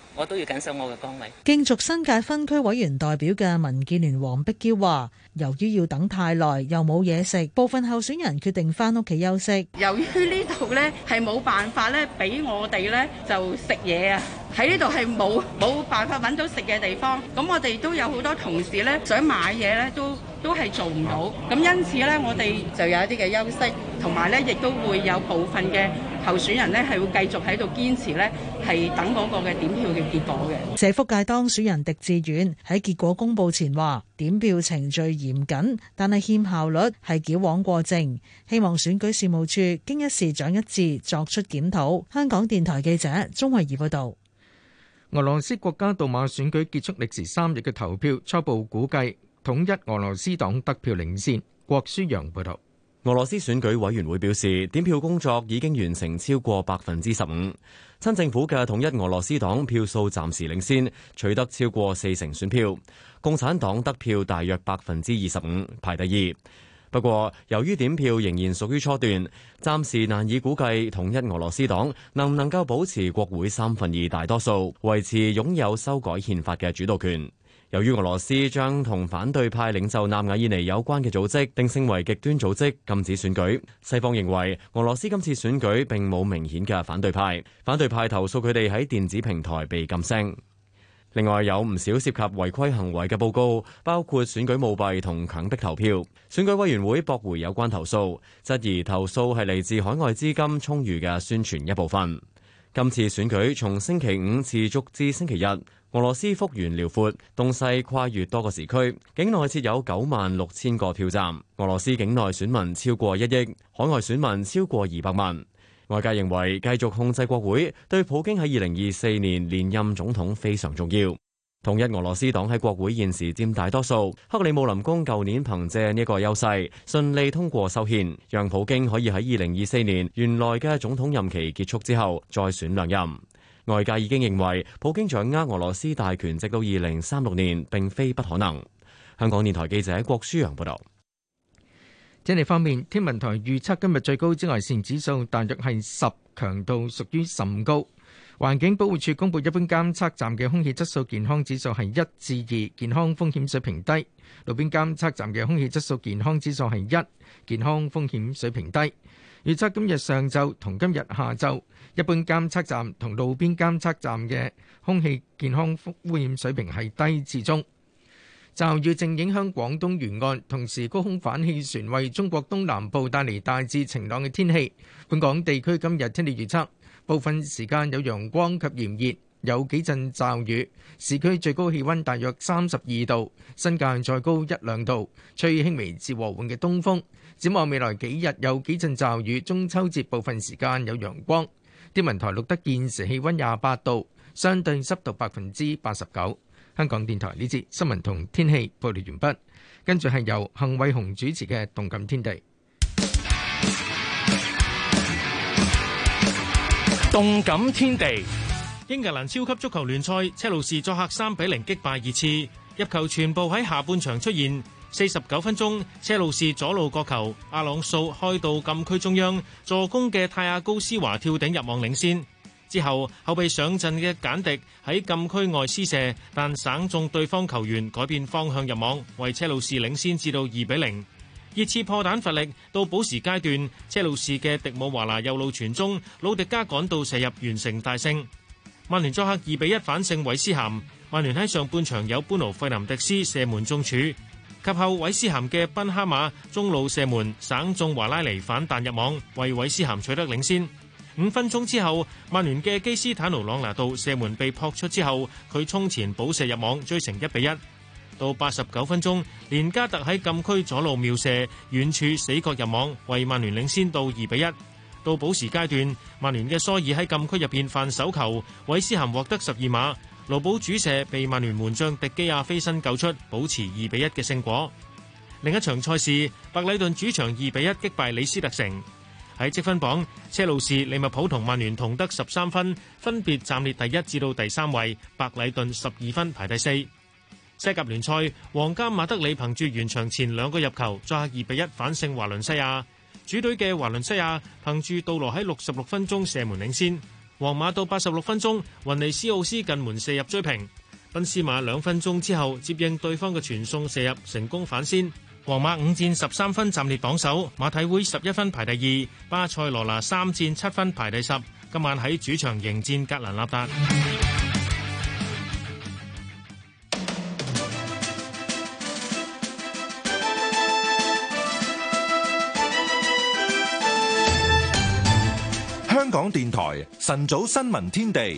我都要謹守我嘅崗位。
競逐新界分區委員代表嘅民建聯黃碧嬌話。由於要等太耐，又冇嘢食，部分候選人決定翻屋企休息。
由於呢度呢係冇辦法咧，俾我哋呢就食嘢啊！喺呢度係冇冇辦法揾到食嘅地方。咁我哋都有好多同事呢想買嘢呢，都都係做唔到。咁因此呢，我哋就有一啲嘅休息，同埋呢亦都會有部分嘅候選人呢係會繼續喺度堅持呢係等嗰個嘅點票嘅結果嘅。
社福界當選人狄志遠喺結果公佈前話：點票程序。嚴謹，但係欠效率，係矯枉過正。希望選舉事務處經一事長一致作出檢討。香港電台記者鍾慧儀報導。
俄羅斯國家杜馬選舉結束歷時三日嘅投票，初步估計統一俄羅斯黨得票領先。郭書洋報導。俄羅斯選舉委員會表示，點
票工作已經完成超過百分之十五。親政府嘅統一俄羅斯黨票數暫時領先，取得超過四成選票。共產黨得票大約百分之二十五，排第二。不過，由於點票仍然屬於初段，暫時難以估計統一俄羅斯黨能唔能夠保持國會三分二大多數，維持擁有修改憲法嘅主導權。由於俄羅斯將同反對派領袖納瓦爾尼有關嘅組織定性為極端組織，禁止選舉。西方認為俄羅斯今次選舉並冇明顯嘅反對派，反對派投訴佢哋喺電子平台被禁聲。另外有唔少涉及違規行為嘅報告，包括選舉舞弊同強迫投票。選舉委員會駁回有關投訴，質疑投訴係嚟自海外資金充裕嘅宣傳一部分。今次選舉從星期五持續至星期日，俄羅斯幅員遼闊，東西跨越多個時區，境內設有九萬六千個票站。俄羅斯境內選民超過一億，海外選民超過二百萬。外界認為繼續控制國會對普京喺二零二四年連任總統非常重要。統一俄羅斯黨喺國會現時占大多數，克里姆林宮舊年憑借呢個優勢順利通過修憲，讓普京可以喺二零二四年原來嘅總統任期結束之後再選兩任。外界已經認為普京掌握俄羅斯大權直到二零三六年，並非不可能。香港電台記者
郭舒揚報道。天氣方面，天文台預測今日最高紫外線指數大約係十，強度屬於甚高。環境保護署公布一般監測站嘅空氣質素健康指數係一至二，健康風險水平低；路邊監測站嘅空氣質素健康指數係一，健康風險水平低。預測今日上晝同今日下晝，一般監測站同路邊監測站嘅空氣健康風險水平係低至中。驟雨正影響廣東沿岸，同時高空反氣旋為中國東南部帶嚟大致晴朗嘅天氣。本港地區今日天氣預測，部分時間有陽光及炎熱，有幾陣驟雨。市區最高氣溫大約三十二度，新界再高一兩度，吹輕微至和緩嘅東風。展望未來幾日，有幾陣驟雨，中秋節部分時間有陽光。天文台錄得現時氣溫廿八度，相對濕度百分之八十九。香港電台呢節新聞同天氣報道完畢，跟住係由幸偉雄主持嘅《動感天地》。動感天地，英格蘭超級足球
聯賽，車路士作客三比零擊敗熱刺，入球全部喺下半場出現。四十九分鐘，車路士左路角球，阿朗素開到禁區中央助攻嘅泰亞高斯華跳頂入網領先。之後，後備上陣嘅簡迪喺禁區外施射，但省中對方球員改變方向入網，為車路士領先至到二比零。熱刺破蛋乏力，到補時階段，車路士嘅迪姆華拿右路傳中，魯迪加趕到射入完成大勝。曼聯作客二比一反勝韋斯咸。曼聯喺上半場有般奴費南迪斯射門中柱，及後韋斯咸嘅賓哈馬中路射門省中華拉尼反彈入網，為韋斯咸取得領先。五分鐘之後，曼聯嘅基斯坦奴朗拿度射門被撲出之後，佢衝前補射入網，追成一比一。到八十九分鐘，連加特喺禁區左路妙射遠處死角入網，為曼聯領先到二比一。到補時階段，曼聯嘅蘇爾喺禁區入邊犯手球，韋斯咸獲得十二碼，路保主射被曼聯門將迪基亞飛身救出，保持二比一嘅勝果。另一場賽事，白禮頓主場二比一擊敗李斯特城。喺積分榜，車路士、利物浦同曼聯同得十三分，分別暫列第一至到第三位。白禮頓十二分排第四。西甲聯賽，皇家馬德里憑住完場前兩個入球，作客二比一反勝華倫西亞。主隊嘅華倫西亞憑住杜羅喺六十六分鐘射門領先，皇馬到八十六分鐘，雲尼斯奧斯近門射入追平，賓斯馬兩分鐘之後接應對方嘅傳送射入，成功反先。皇馬五戰十三分暫列榜首，馬體會十一分排第二，巴塞羅那三戰七分排第十。今晚喺主場迎戰格蘭納達。
香港電台晨早新聞天地。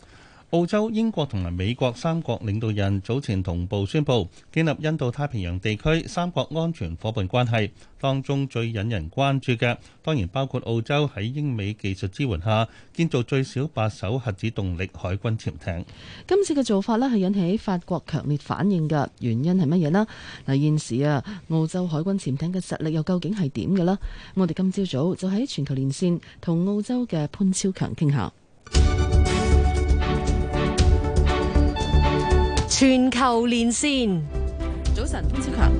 澳洲、英國同埋美國三國領導人早前同步宣布建立印度太平洋地區三國安全伙伴關係，當中最引人關注嘅當然包括澳洲喺英美技術支援下建造最少八艘核子動力海軍潛艇。
今次嘅做法呢，係引起法國強烈反應嘅原因係乜嘢呢？嗱，現時啊，澳洲海軍潛艇嘅實力又究竟係點嘅呢？我哋今朝早就喺全球連線同澳洲嘅潘超強傾下。全球連線，早晨潘志強，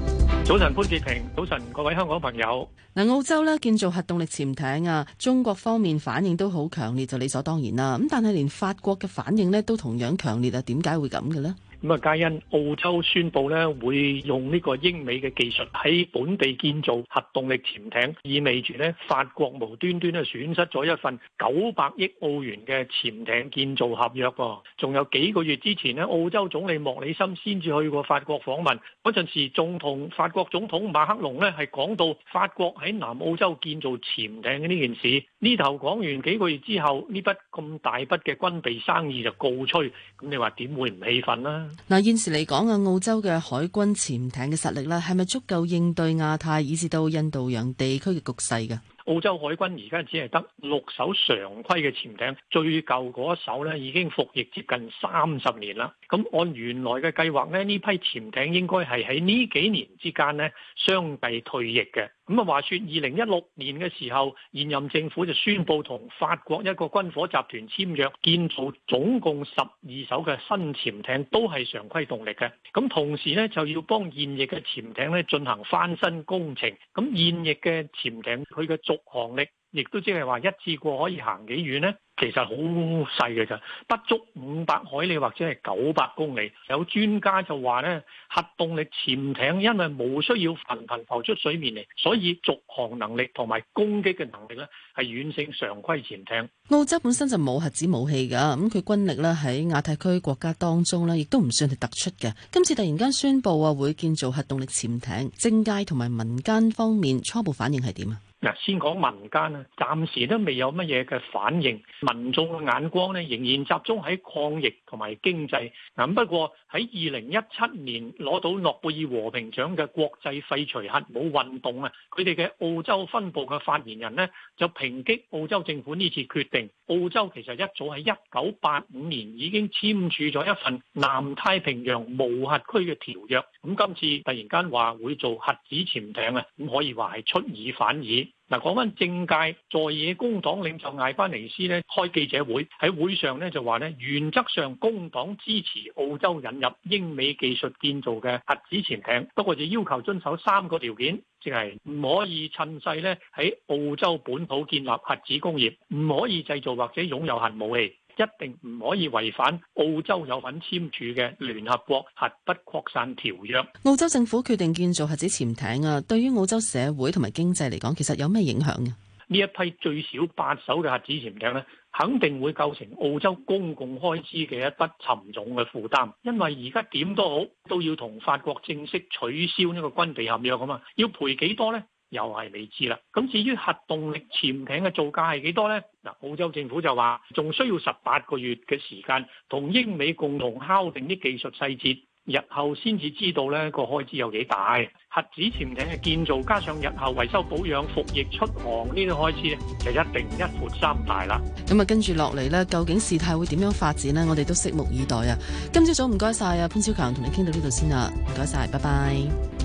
強
早晨潘志平，早晨各位香港朋友。
嗱，澳洲咧建造核動力潛艇啊，中國方面反應都好強烈，就理所當然啦。咁但係連法國嘅反應咧都同樣強烈啊，點解會咁嘅呢？
咁啊！皆因澳洲宣布咧會用呢個英美嘅技術喺本地建造核動力潛艇，意味住咧法國無端端啊損失咗一份九百億澳元嘅潛艇建造合約。仲有幾個月之前咧，澳洲總理莫里森先至去過法國訪問，嗰陣時仲同法國總統馬克龍咧係講到法國喺南澳洲建造潛艇嘅呢件事。呢頭講完幾個月之後，呢筆咁大筆嘅軍備生意就告吹，咁你話點會唔氣憤啦？
嗱，現時嚟講啊，澳洲嘅海軍潛艇嘅實力呢，係咪足夠應對亞太以至到印度洋地區嘅局勢㗎？
澳洲海軍而家只係得六艘常規嘅潛艇，最舊嗰一艘呢已經服役接近三十年啦。咁按原來嘅計劃呢，呢批潛艇應該係喺呢幾年之間呢相繼退役嘅。咁啊，話說二零一六年嘅時候，現任政府就宣佈同法國一個軍火集團簽約，建造總共十二艘嘅新潛艇，都係常規動力嘅。咁同時呢，就要幫現役嘅潛艇呢進行翻新工程。咁現役嘅潛艇佢嘅續航力亦都即係話一次過可以行幾遠呢？其實好細嘅，咋，不足五百海里或者係九百公里。有專家就話呢，核動力潛艇因為冇需要頻頻浮出水面嚟，所以續航能力同埋攻擊嘅能力呢係遠勝常規潛艇。
澳洲本身就冇核子武器噶，咁佢軍力呢喺亞太區國家當中呢，亦都唔算係突出嘅。今次突然間宣布啊，會建造核動力潛艇，政界同埋民間方面初步反應係點啊？
嗱，先講民間啊，暫時都未有乜嘢嘅反應。民眾嘅眼光咧，仍然集中喺抗疫同埋經濟。嗱，不過喺二零一七年攞到諾貝爾和平獎嘅國際廢除核武運動啊，佢哋嘅澳洲分部嘅發言人呢，就抨擊澳洲政府呢次決定。澳洲其實一早喺一九八五年已經簽署咗一份南太平洋無核區嘅條約。咁今次突然間話會做核子潛艇啊，咁可以話係出爾反爾。嗱，講翻政界，在野工黨領袖艾班尼斯咧，開記者會，喺會上咧就話咧，原則上工黨支持澳洲引入英美技術建造嘅核子潛艇，不過就要求遵守三個條件，即係唔可以趁勢咧喺澳洲本土建立核子工業，唔可以製造或者擁有核武器。一定唔可以違反澳洲有份簽署嘅聯合國核不擴散條約。
澳洲政府決定建造核子潛艇啊，對於澳洲社會同埋經濟嚟講，其實有咩影響啊？
呢一批最少八艘嘅核子潛艇咧，肯定會構成澳洲公共開支嘅一筆沉重嘅負擔，因為而家點都好都要同法國正式取消呢個軍備合約啊嘛，要賠幾多咧？又係未知啦。咁至於核動力潛艇嘅造價係幾多呢？嗱，澳洲政府就話仲需要十八個月嘅時間，同英美共同敲定啲技術細節，日後先至知道咧個開支有幾大。核子潛艇嘅建造，加上日後維修保養、服役出航呢啲開支咧，就一定一闊三大啦。
咁啊，跟住落嚟咧，究竟事態會點樣發展呢？我哋都拭目以待啊！今朝早唔該晒啊，潘超強，同你傾到呢度先啦，唔該晒，拜拜，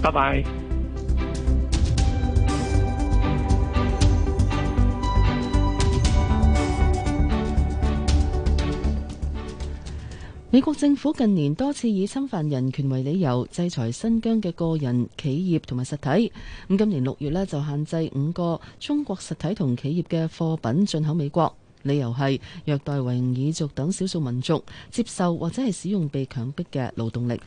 拜拜。美國政府近年多次以侵犯人權為理由制裁新疆嘅個人、企業同埋實體。咁今年六月呢，就限制五個中國實體同企業嘅貨品進口美國，理由係虐待維吾爾族等少數民族，接受或者係使用被強迫嘅勞動力。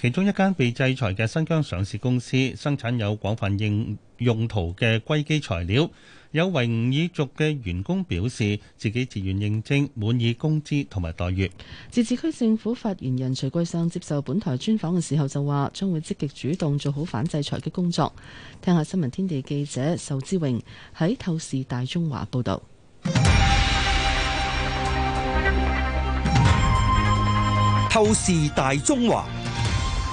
其中一間被制裁嘅新疆上市公司，生產有廣泛應用途嘅硅基材料。有維吾爾族嘅員工表示，自己自願應徵，滿意工資同埋待遇。
自治區政府發言人徐桂生接受本台專訪嘅時候就話，將會積極主動做好反制裁嘅工作。聽下新聞天地記者壽之榮喺透視大中華報道。
透視大中華，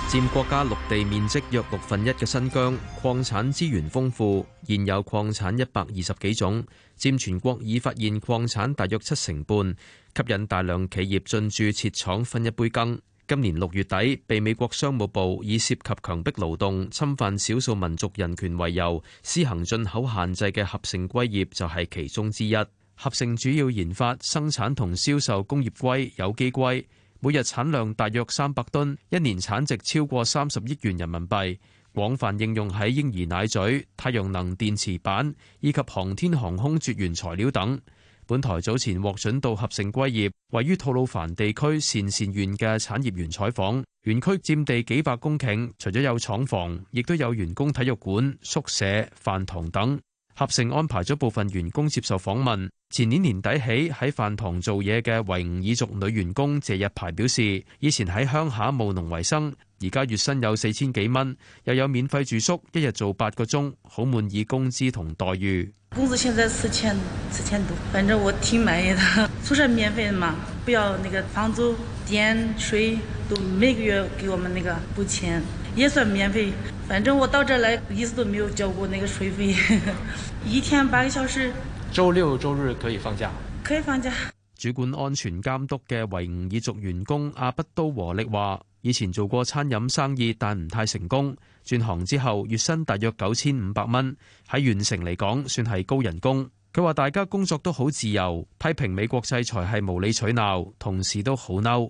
佔國家陸地面積約六分一嘅新疆，礦產資源豐富。現有礦產一百二十幾種，占全國已發現礦產大約七成半，吸引大量企業進駐設廠分一杯羹。今年六月底，被美國商務部以涉及強迫勞動、侵犯少數民族人權為由，施行進口限制嘅合成硅業就係其中之一。合成主要研發、生產同銷售工業硅、有機硅，每日產量大約三百噸，一年產值超過三十億元人民幣。廣泛應用喺嬰兒奶嘴、太陽能電池板以及航天航空絕緣材料等。本台早前獲准到合成硅業位於吐魯番地區鄯善縣嘅產業園採訪，園區佔地幾百公頃，除咗有廠房，亦都有員工體育館、宿舍、飯堂等。合性安排咗部分員工接受訪問。前年年底起喺飯堂做嘢嘅維吾爾族女員工謝日排表示，以前喺鄉下務農為生，而家月薪有四千幾蚊，又有免費住宿，一日做八個鐘，好滿意工資同
待遇。工資現在四千四千多，反正我挺滿意的。宿舍免費嘛，不要那個房租、電水都每個月給我們那個補錢。也算免費，反正我到這來一次都沒有交過那個稅費， 一天八個小時，
周六周日可以放假，
可以放假。
主管安全監督嘅維吾爾族員工阿不都和力話：以前做過餐飲生意，但唔太成功，轉行之後月薪大約九千五百蚊，喺完成嚟講算係高人工。佢話大家工作都好自由，批評美國制裁係無理取鬧，同事都好嬲。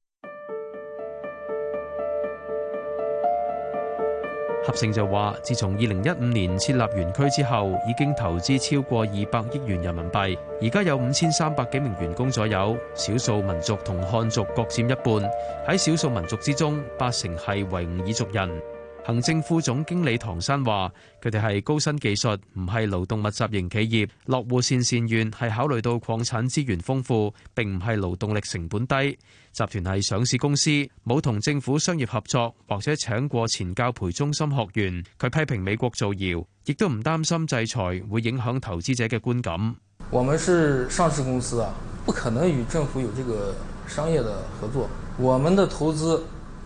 合成就話自從二零一五年設立園區之後，已經投資超過二百億元人民幣，而家有五千三百幾名員工左右，少數民族同漢族各佔一半。喺少數民族之中，八成係維吾爾族人。行政副總經理唐生話，佢哋係高新技術唔係勞動密集型企業，落戶鄯善縣係考慮到礦產資源豐富，並唔係勞動力成本低。集團係上市公司，冇同政府商業合作，或者請過前教培中心學員，佢批評美國造謠亦都唔擔心制裁會影響投資者嘅觀感。
我們，是上市公司啊，不可能與政府有這個商業的合作。我們的投資。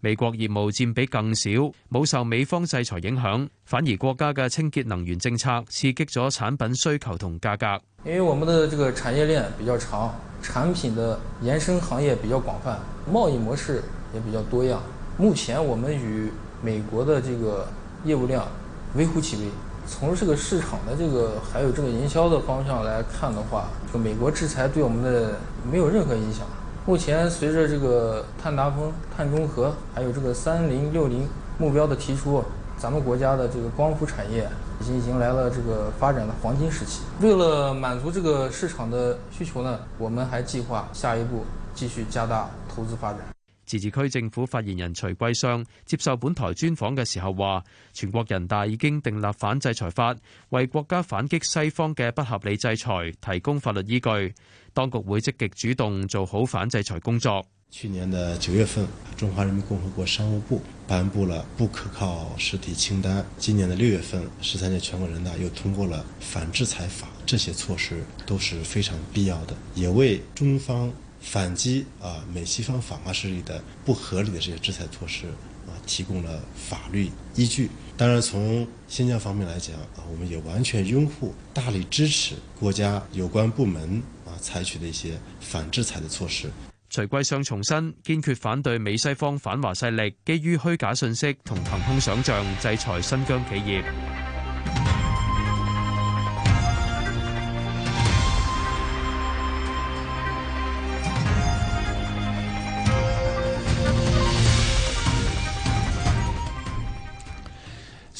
美國業務佔比更少，冇受美方制裁影響，反而國家嘅清潔能源政策刺激咗產品需求同價格。
因為我們的這個產業鏈比較長，產品的延伸行業比較廣泛，貿易模式也比較多樣。目前我們與美國的這個業務量微乎其微。從這個市場的這個還有這個營銷的方向來看的話，就美國制裁對我們的沒有任何影響。目前，隨着這個碳達峰、碳中和，還有這個“三零六零”目標的提出，咱們國家的這個光伏產業已經迎來了這個發展的黃金時期。為了滿足這個市場的需求呢，我們還計劃下一步繼續加大
投資發展。自治區政府發言人徐桂湘接受本台專訪嘅時候話，全國人大已經訂立反制裁法，為國家反擊西方嘅不合理制裁提供法律依據。當局會積極主動做好反制裁工作。
去年的九月份，中華人民共和國商務部頒佈了不可靠實體清單；今年的六月份，十三屆全國人大又通過了反制裁法。這些措施都是非常必要的，也為中方反擊啊美西方反華勢力的不合理的這些制裁措施啊提供了法律依據。當然，從新疆方面來講啊，我們也完全擁護、大力支持國家有關部門。採取的一些反制裁的措施。
徐桂上重申，堅決反對美西方反華勢力基於虛假信息同憑空想象制裁新疆企業。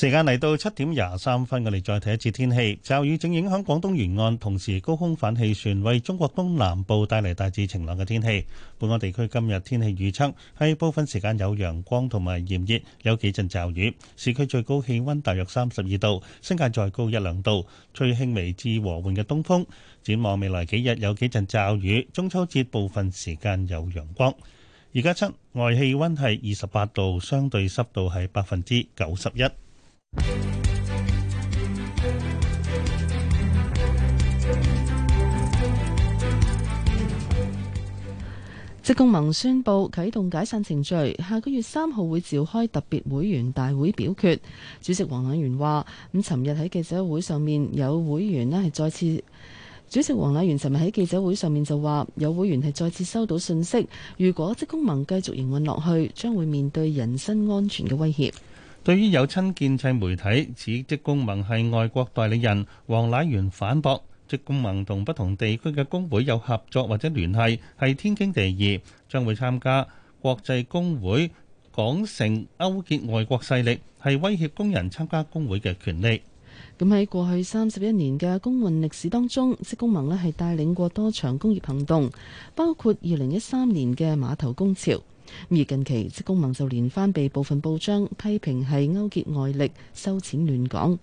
時間嚟到七點廿三分，我哋再睇一次天氣。驟雨正影響廣東沿岸，同時高空反氣旋為中國東南部帶嚟大致晴朗嘅天氣。本港地區今日天氣預測係部分時間有陽光同埋炎熱，有幾陣驟雨。市區最高氣温大約三十二度，新界再高一兩度。吹輕微至和緩嘅東風。展望未來幾日有幾陣驟雨，中秋節部分時間有陽光。而家測外氣温係二十八度，相對濕度係百分之九十一。
職工盟宣布啟動解散程序，下個月三號會召開特別會員大會表決。主席黃迺元話：，咁，尋日喺記者會上面有會員呢係再次，主席黃迺元尋日喺記者會上面就話，有會員係再次收到信息，如果職工盟繼續營運落去，將會面對人身安全嘅威脅。
對於有親建制媒體指職工盟係外國代理人源，黃乃元反駁，職工盟同不同地區嘅工會有合作或者聯繫，係天經地義，將會參加國際工會。港城勾結外國勢力，係威脅工人參加工會嘅權利。
咁喺過去三十一年嘅工運歷史當中，職工盟咧係帶領過多場工業行動，包括二零一三年嘅碼頭工潮。而近期，職工盟就連番被部分報章批評係勾結外力收錢亂港。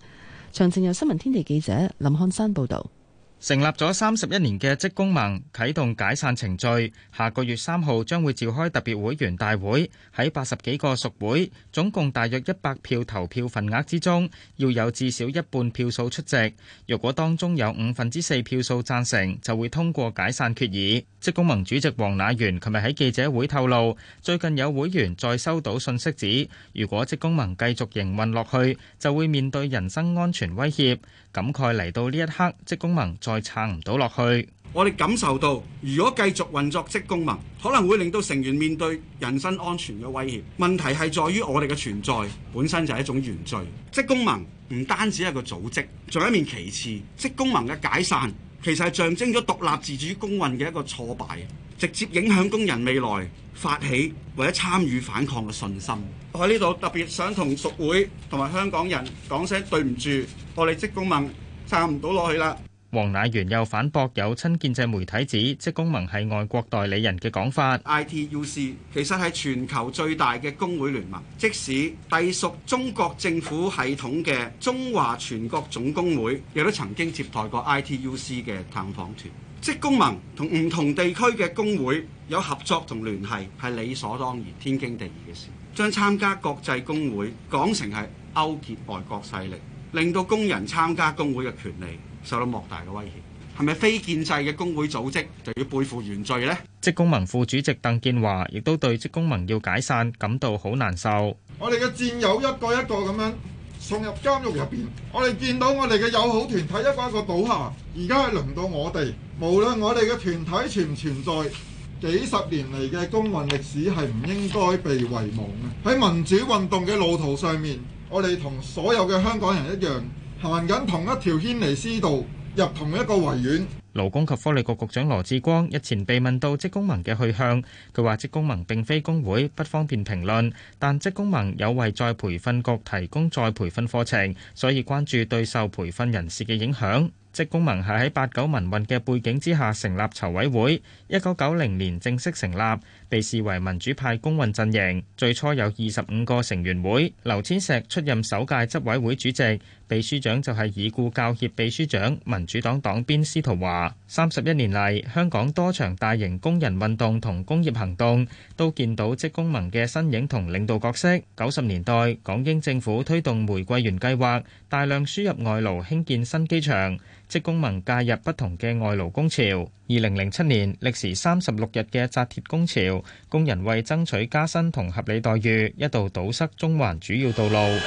詳情由新聞天地記者林漢山報導。
成立咗三十一年嘅職工盟啟動解散程序，下個月三號將會召開特別會員大會。喺八十幾個屬會，總共大約一百票投票份額之中，要有至少一半票數出席。若果當中有五分之四票數贊成，就會通過解散決議。職工盟主席黃乃元琴日喺記者會透露，最近有會員再收到信息指，如果職工盟繼續營運落去，就會面對人身安全威脅。感慨嚟到呢一刻，職工盟再撐唔到落去。
我哋感受到，如果繼續運作職工盟，可能會令到成員面對人身安全嘅威脅。問題係在於我哋嘅存在本身就係一種原罪。職工盟唔單止係個組織，仲有一面旗幟，職工盟嘅解散其實象徵咗獨立自主工運嘅一個挫敗，直接影響工人未來發起或者參與反抗嘅信心。我喺呢度特別想同屬會同埋香港人講聲對唔住，我哋職工盟撐唔到落去啦。王乃源
又反駁有親建制媒體指職工盟係外國代理人嘅講法。
I T U C 其實係全球最大嘅工會聯盟，即使隸屬中國政府系統嘅中華全國總工會，亦都曾經接待過 I T U C 嘅探訪團。職工盟同唔同地區嘅工會有合作同聯繫，係理所當然、天經地義嘅事。將參加國際工會講成係勾結外國勢力，令到工人參加工會嘅權利。受到莫大嘅威脅，係咪非建制嘅工會組織就要背負原罪咧？
職工盟副主席鄧建華亦都對職工盟要解散感到好難受。
我哋嘅戰友一個一個咁樣送入監獄入邊，我哋見到我哋嘅友好團體一個一個倒下，而家係輪到我哋。無論我哋嘅團體存唔存在，幾十年嚟嘅工運歷史係唔應該被遺忘嘅。喺民主運動嘅路途上面，我哋同所有嘅香港人一樣。行緊同一條軒尼詩道，入同一個維園。
勞工及福利局局長羅致光日前被問到職工盟嘅去向，佢話職工盟並非工會，不方便評論。但職工盟有為再培訓局提供再培訓課程，所以關注對受培訓人士嘅影響。職工盟係喺八九民運嘅背景之下成立籌委會，一九九零年正式成立，被視為民主派工運陣營。最初有二十五個成員會，劉千石出任首屆執委會主席，秘書長就係已故教協秘書長民主黨黨鞭司徒華。三十一年嚟，香港多場大型工人運動同工業行動都見到職工盟嘅身影同領導角色。九十年代，港英政府推動玫瑰園計劃，大量輸入外勞興建新機場。即職工盟介入不同嘅外勞工潮。二零零七年，歷時三十六日嘅紮鐵工潮，工人為爭取加薪同合理待遇，一度堵塞中環主要道路。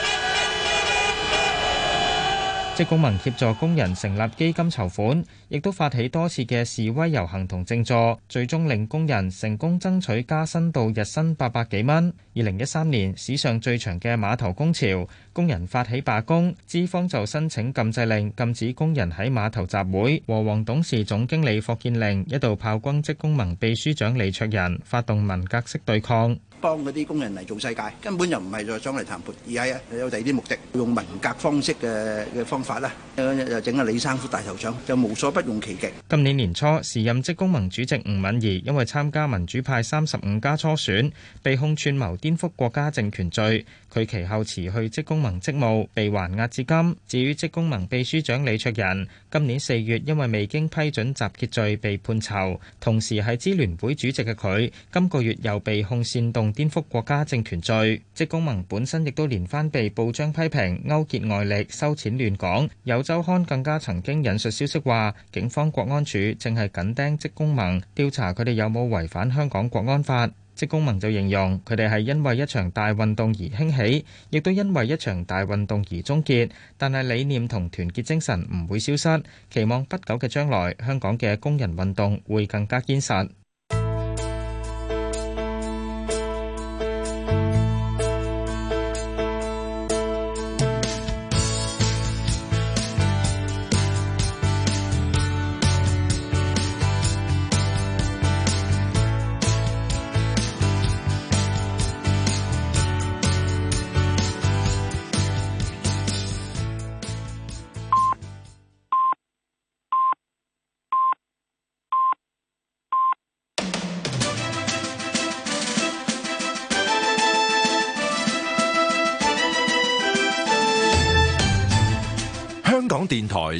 職工盟協助工人成立基金籌款，亦都發起多次嘅示威遊行同靜坐，最終令工人成功爭取加薪到日薪八百幾蚊。二零一三年史上最長嘅碼頭工潮，工人發起罷工，資方就申請禁制令，禁止工人喺碼頭集會。和黃董事總經理霍建寧一度炮轟職工盟秘書長李卓人，發動文革式對抗。
幫嗰啲工人嚟做世界，根本就唔係再裝嚟談判，而係呀，有第二啲目的，用文革方式嘅嘅方法啦，又整個李生夫大頭像，就無所不用其極。
今年年初，時任職工盟主席吳敏儀因為參加民主派三十五家初選，被控串謀顛覆國家政權罪。佢其後辭去職工盟職務，被還押至今。至於職工盟秘書長李卓人，今年四月因為未經批准集結罪被判囚，同時係支聯會主席嘅佢，今個月又被控煽動顛覆國家政權罪。職工盟本身亦都連番被報章批評勾結外力、收錢亂港。有周刊更加曾經引述消息話，警方國安處正係緊盯職工盟，調查佢哋有冇違反香港國安法。職工盟就形容，佢哋係因為一場大運動而興起，亦都因為一場大運動而終結，但係理念同團結精神唔會消失，期望不久嘅將來，香港嘅工人運動會更加堅實。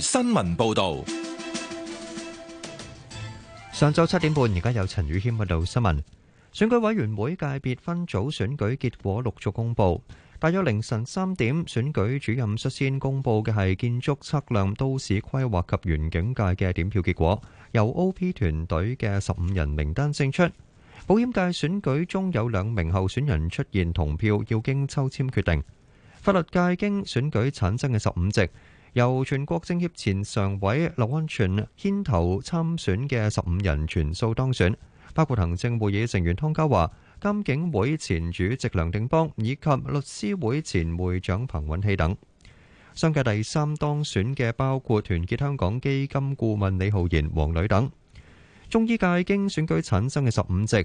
新聞報道：
上晝七點半，而家有陳宇謙報道新聞。選舉委員會界別分組選舉結果陸續公布，大約凌晨三點，選舉主任率先公布嘅係建築、測量、都市規劃及園景界嘅點票結果，由 OP 團隊嘅十五人名單勝出。保險界選舉中有兩名候選人出現同票，要經抽籤決定。法律界經選舉產生嘅十五席。由全國政協前常委劉安全牽頭參選嘅十五人全數當選，包括行政會議成員湯家驊、監警會前主席梁定邦以及律師會前會長彭韻僖等。相繼第三當選嘅包括團結香港基金顧問李浩然、黃磊等。中醫界經選舉產生嘅十五席，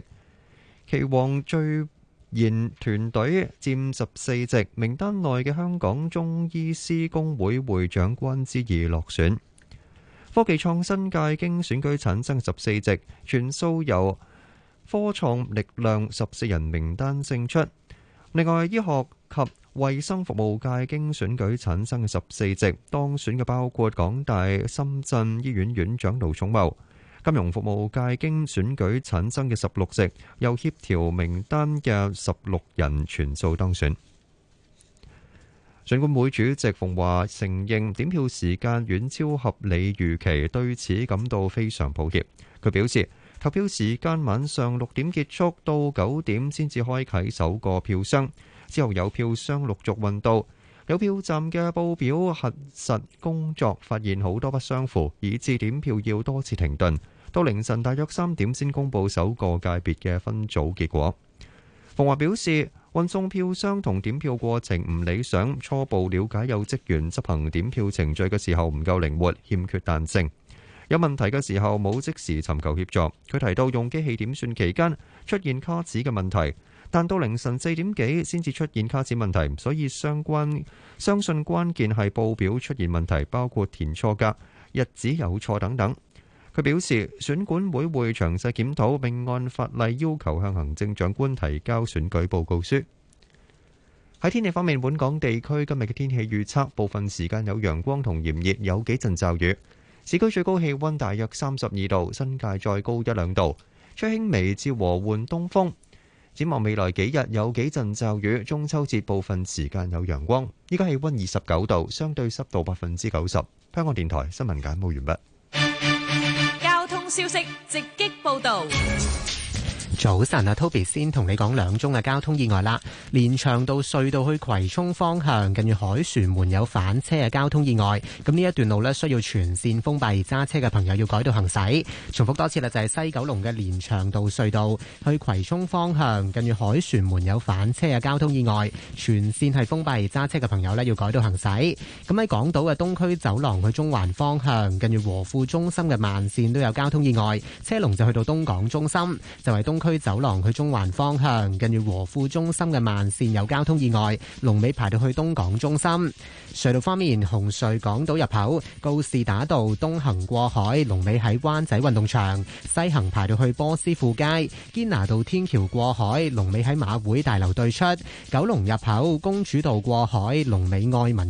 期望最。現團隊佔十四席，名單內嘅香港中醫師工會會長關之怡落選。科技創新界經選舉產生十四席，全數由科創力量十四人名單勝出。另外，醫學及衛生服務界經選舉產生嘅十四席，當選嘅包括港大深圳醫院院長盧寵茂。金融服務界經選舉產生嘅十六席，由協調名單嘅十六人全數當選。選管會主席馮驊承認點票時間遠超合理預期，對此感到非常抱歉。佢表示，投票時間晚上六點結束，到九點先至開啓首個票箱，之後有票箱陸續運到，有票站嘅報表核實工作發現好多不相符，以致點票要多次停頓。到凌晨大約三點先公佈首個界別嘅分組結果。馮華表示，運送票箱同點票過程唔理想，初步瞭解有職員執行點票程序嘅時候唔夠靈活，欠缺彈性。有問題嘅時候冇即時尋求協助。佢提到用機器點算期間出現卡紙嘅問題，但到凌晨四點幾先至出現卡紙問題，所以相關相信關鍵係報表出現問題，包括填錯格、日子有錯等等。佢表示，選管會會詳細檢討並按法例要求向行政長官提交選舉報告書。喺天氣方面，本港地區今日嘅天氣預測，部分時間有陽光同炎熱，有幾陣驟雨。市區最高氣温大約三十二度，新界再高一兩度。吹輕微至和緩東風。展望未來幾日，有幾陣驟雨。中秋節部分時間有陽光。依家氣温二十九度，相對濕度百分之九十。香港電台新聞簡報完畢。
消息直擊報導。
早晨啊，Toby 先同你講兩宗嘅交通意外啦。連翔道隧道去葵涌方向，近住海旋門有反車嘅交通意外，咁呢一段路咧需要全線封閉，揸車嘅朋友要改道行駛。重複多次啦，就係西九龍嘅連翔道隧道去葵涌方向，近住海旋門有反車嘅交通意外，全線係封閉，揸車嘅朋友咧要改道行駛。咁喺港島嘅東區走廊去中環方向，近住和富中心嘅慢線都有交通意外，車龍就去到東港中心，就係東。區走廊去中環方向，近住和富中心嘅慢線有交通意外，龍尾排到去東港中心。隧道方面，紅隧港島入口，告士打道東行過海，龍尾喺灣仔運動場；西行排到去波斯富街，堅拿道天橋過海，龍尾喺馬會大樓對出。九龍入口，公主道過海，龍尾愛民村；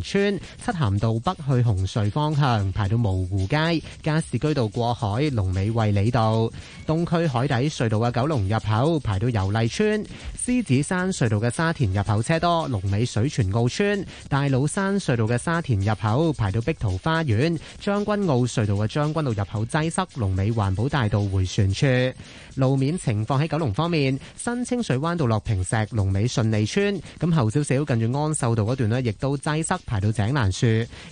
漆咸道北去紅隧方向，排到蕪湖街；加士居道過海，龍尾衛理道；東區海底隧道嘅九龍。入口排到油麗邨，獅子山隧道嘅沙田入口車多；龍尾水泉澳村，大老山隧道嘅沙田入口排到碧桃花園，將軍澳隧道嘅將軍澳入口擠塞；龍尾環保大道回旋處。路面情況喺九龍方面，新清水灣道落平石龍尾順利村，咁後少少近住安秀道嗰段呢，亦都擠塞排到井欄樹；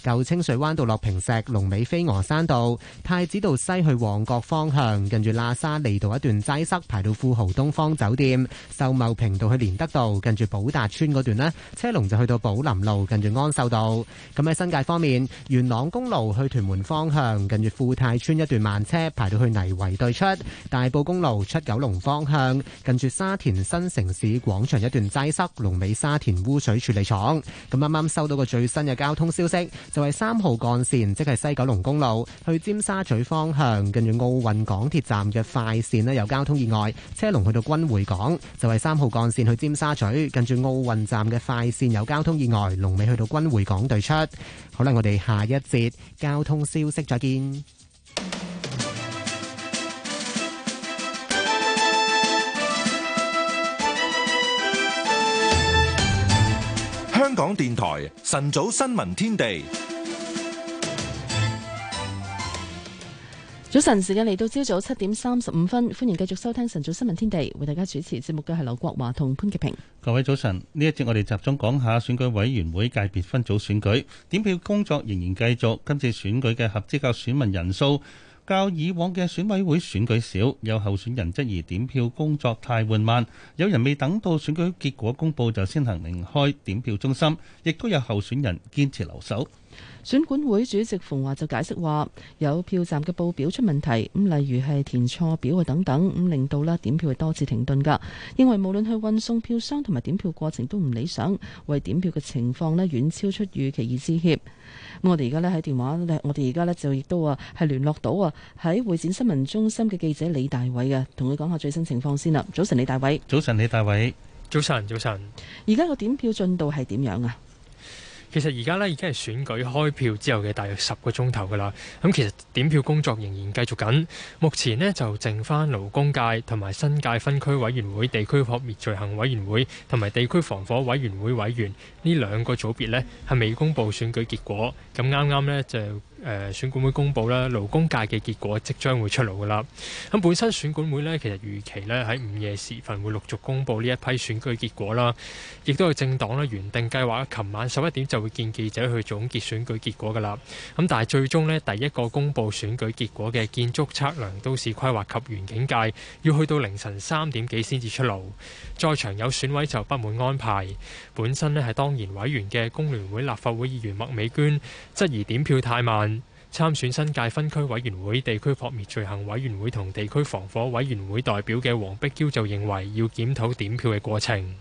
舊清水灣道落平石龍尾飛鵝山道、太子道西去旺角方向，近住喇沙利道一段擠塞排到富豪東方酒店；秀茂坪道去連德道，近住寶達邨嗰段呢，車龍就去到寶林路近住安秀道。咁喺新界方面，元朗公路去屯門方向，近住富泰邨一段慢車排到去泥圍對出；大埔公路。出九龍方向，近住沙田新城市廣場一段擠塞，龍尾沙田污水處理廠。咁啱啱收到個最新嘅交通消息，就係三號幹線，即係西九龍公路去尖沙咀方向，近住奧運港鐵站嘅快綫咧有交通意外，車龍去到君匯港。就係三號幹綫去尖沙咀，近住奧運站嘅快綫有交通意外，龍尾去到君匯港對出。好啦，我哋下一節交通消息再見。
香港電台晨早新聞天地，
早晨時間嚟到朝早七點三十五分，歡迎繼續收聽晨早新聞天地，為大家主持節目嘅係劉國華同潘潔平。
各位早晨，呢一節我哋集中講下選舉委員會界別分組選舉，點票工作仍然繼續，今次選舉嘅合資格選民人數。較以往嘅選委會選舉少，有候選人質疑點票工作太緩慢，有人未等到選舉結果公佈就先行離開點票中心，亦都有候選人堅持留守。
選管會主席馮驊就解釋話，有票站嘅報表出問題，咁例如係填錯表啊等等，咁令到呢點票係多次停頓㗎。因為無論係運送票箱同埋點票過程都唔理想，為點票嘅情況呢遠超出預期而致歉。咁我哋而家呢喺電話咧，我哋而家呢就亦都啊係聯絡到啊喺會展新聞中心嘅記者李大偉嘅，同佢講下最新情況先啦。早晨，李大偉。
早晨，李大偉。早晨，李大偉。早晨，早晨。
而家個點票進度係點樣啊？
其實而
家咧已經係選舉開票之後嘅大約十個鐘頭㗎啦。咁其實點票工作仍然繼續緊。目前呢，就剩返勞工界同埋新界分區委員會、地區撲滅罪行委員會同埋地區防火委員會委員呢兩個組別呢，係未公布選舉結果。咁啱啱呢，就。誒、呃、選管會公佈啦，勞工界嘅結果即將會出爐㗎啦。咁本身選管會咧，其實預期咧喺午夜時分會陸續公佈呢一批選舉結果啦。亦都有政黨咧原定計劃，琴晚十一點就會見記者去總結選舉結果㗎啦。咁但係最終咧，第一個公佈選舉結果嘅建築測量、都市規劃及園境界，要去到凌晨三點幾先至出爐。在場有選委就不滿安排，本身咧係當然委員嘅工聯會立法會議員麥美娟質疑點票太慢。參選新界分區委員會、地區撲滅罪行委員會同地區防火委員會代表嘅黃碧嬌就認為，要檢討點票嘅過程。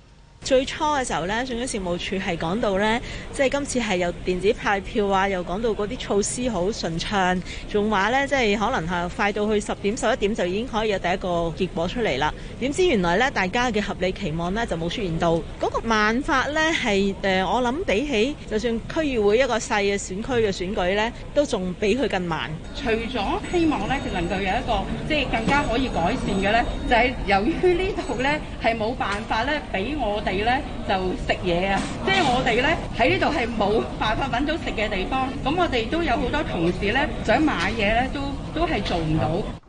最初嘅時候咧，選舉事務處係講到咧，即係今次係由電子派票啊，又講到嗰啲措施好順暢，仲話咧，即係可能係快到去十點十一點就已經可以有第一個結果出嚟啦。點知原來咧，大家嘅合理期望咧就冇出現到，嗰、那個慢法咧係誒，我諗比起就算區議會一個細嘅選區嘅選舉咧，都仲比佢更慢。
除咗希望咧，佢能夠有一個即係更加可以改善嘅咧，就係、是、由於呢度咧係冇
辦法咧，俾我哋。你咧就食嘢啊！即係我哋咧喺呢度係冇辦法揾到食嘅地方，咁我哋都有好多同事咧想買嘢咧，都都係做唔
到。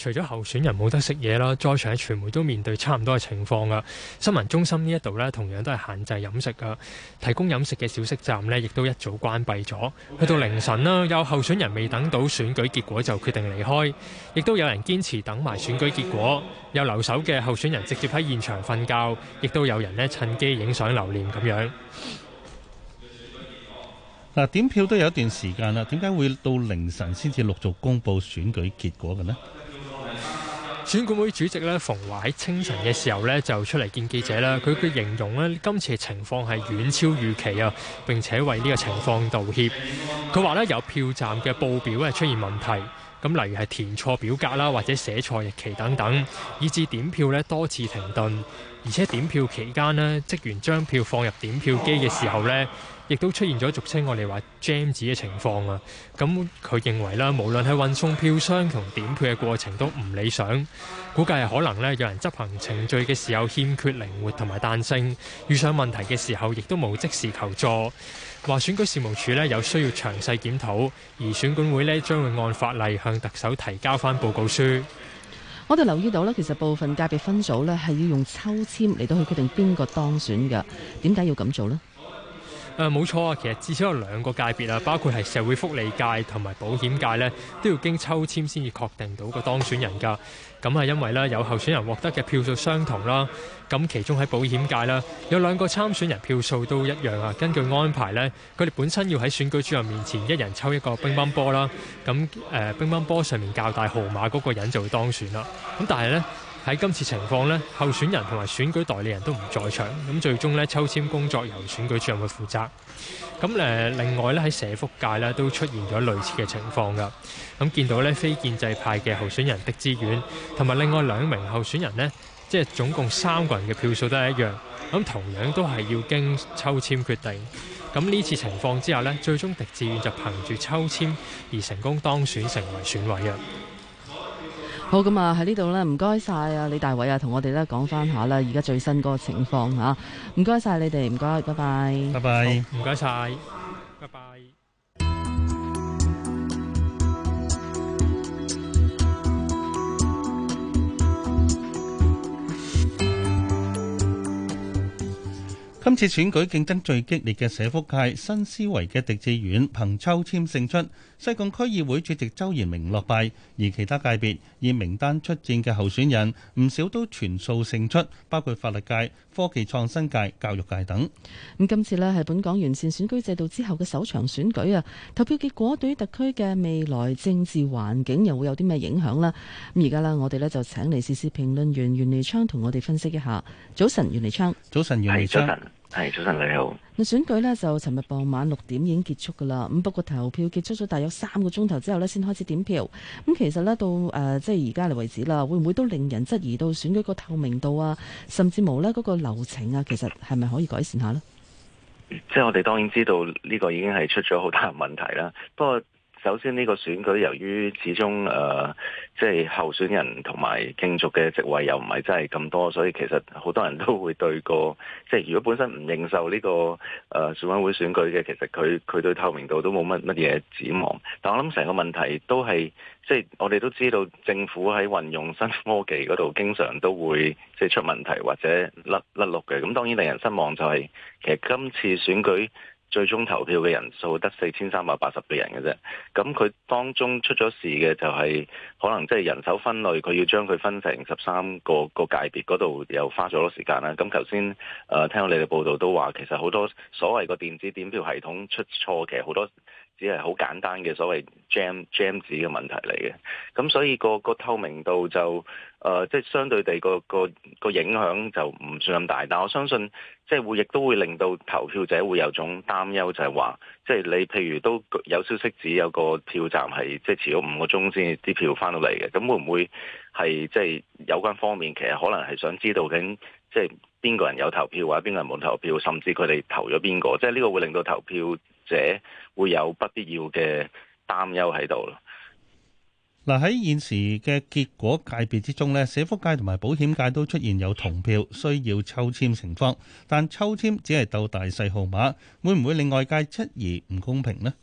除咗候選人冇得食嘢啦，場在場嘅傳媒都面對差唔多嘅情況啊。新聞中心呢一度咧同樣都係限制飲食噶，提供飲食嘅小食站呢亦都一早關閉咗。Okay. 去到凌晨啦，有候選人未等到選舉結果就決定離開，亦都有人堅持等埋選舉結果。有留守嘅候選人直接喺現場瞓覺，亦都有人咧趁機影相留念咁樣。
嗱，點票都有一段時間啦，點解會到凌晨先至陸續公佈選舉結果嘅呢？選管會主席咧馮華喺清晨嘅時候呢，
就出嚟見記者啦。佢嘅形容呢，今次嘅情況係遠超預期啊，並且為呢個情況道歉。佢話呢，有票站嘅報表係出現問題，咁例如係填錯表格啦，或者寫錯日期等等，以致點票呢多次停頓，而且點票期間呢，職員將票放入點票機嘅時候呢。亦都出現咗俗稱我哋話 jam 嘅情況啊！咁佢認為咧，無論係運送票箱同點票嘅過程都唔理想，估計係可能呢有人執行程序嘅時候欠缺靈活同埋彈性，遇上問題嘅時候亦都冇即時求助。話選舉事務處呢有需要詳細檢討，而選管會呢將會按法例向特首提交翻報告書。
我哋留意到呢其實部分界別分組呢係要用抽籤嚟到去決定邊個當選嘅，點解要咁做呢？
誒冇錯啊，其實至少有兩個界別啊，包括係社會福利界同埋保險界呢，都要經抽籤先至確定到個當選人㗎。咁係因為呢，有候選人獲得嘅票數相同啦，咁其中喺保險界啦有兩個參選人票數都一樣啊。根據安排呢，佢哋本身要喺選舉主任面前一人抽一個乒乓波啦。咁誒，乒乓波上面較大號碼嗰個人就會當選啦。咁但係呢，喺今次情況咧，候選人同埋選舉代理人都唔在場，咁最終咧抽籤工作由選舉主任去負責。咁誒，另外咧喺社福界咧都出現咗類似嘅情況㗎。咁見到咧非建制派嘅候選人狄志遠同埋另外兩名候選人咧，即係總共三個人嘅票數都係一樣，咁同樣都係要經抽籤決定。咁呢次情況之下咧，最終狄志遠就憑住抽籤而成功當選成為選委嘅。
好咁啊，喺呢度咧，唔該晒啊李大偉啊，同我哋咧講翻下啦，而家最新嗰個情況嚇，唔該晒你哋，唔該，拜拜，拜拜，
唔該晒。
今次選舉競爭最激烈嘅社福界新思維嘅狄志遠憑抽籤勝出，西貢區議會主席周延明落敗，而其他界別以名單出戰嘅候選人，唔少都全數勝出，包括法律界。科技創新界、教育界等。
咁今次呢係本港完善選舉制度之後嘅首場選舉啊，投票結果對於特區嘅未來政治環境又會有啲咩影響呢？咁而家呢，我哋呢就請嚟時事評論員袁利昌同我哋分析一下。早晨，
袁利昌。早晨，袁利昌。係早晨，
你好。嗱，選舉呢就尋日傍晚六點已經結束噶啦。咁不過投票結束咗大約三個鐘頭之後呢，先開始點票。咁其實呢，到誒、呃、即係而家嚟為止啦，會唔會都令人質疑到選舉個透明度啊，甚至乎呢嗰個流程啊，其實係咪可以改善下呢？
即係我哋當然知道呢個已經係出咗好大問題啦。不過，首先呢個選舉由於始終誒、即係候選人同埋競逐嘅職位又唔係真係咁多，所以其實好多人都會對個即係如果本身唔認受呢，這個誒、呃、選委會選舉嘅，其實佢佢對透明度都冇乜、乜嘢指望。但我諗成個問題都係即係我哋都知道政府喺運用新科技嗰度，經常都會即係、就是、出問題或者甩甩落嘅。咁當然令人失望就係、是、其實今次選舉。最終投票嘅人數得四千三百八十個人嘅啫，咁佢當中出咗事嘅就係可能即係人手分類，佢要將佢分成十三個個界別嗰度又花咗好多時間啦。咁頭先誒，聽到你哋報道都話，其實好多所謂個電子點票系統出錯，其實好多只係好簡單嘅所謂 jam jam 字嘅問題嚟嘅，咁所以個個透明度就。誒、呃，即係相對地個個個影響就唔算咁大，但我相信即係會亦都會令到投票者會有種擔憂，就係話，即係你譬如都有消息指有個票站係即係遲咗五個鐘先至啲票翻到嚟嘅，咁會唔會係即係有關方面其實可能係想知道緊即係邊個人有投票或者邊個人冇投票，甚至佢哋投咗邊個，即係呢個會令到投票者會有不必要嘅擔憂喺度咯。
嗱，喺現時嘅結果界別之中呢，社福界同埋保險界都出現有同票需要抽籤情況，但抽籤只係鬥大細號碼，會唔會令外界質疑唔公平呢？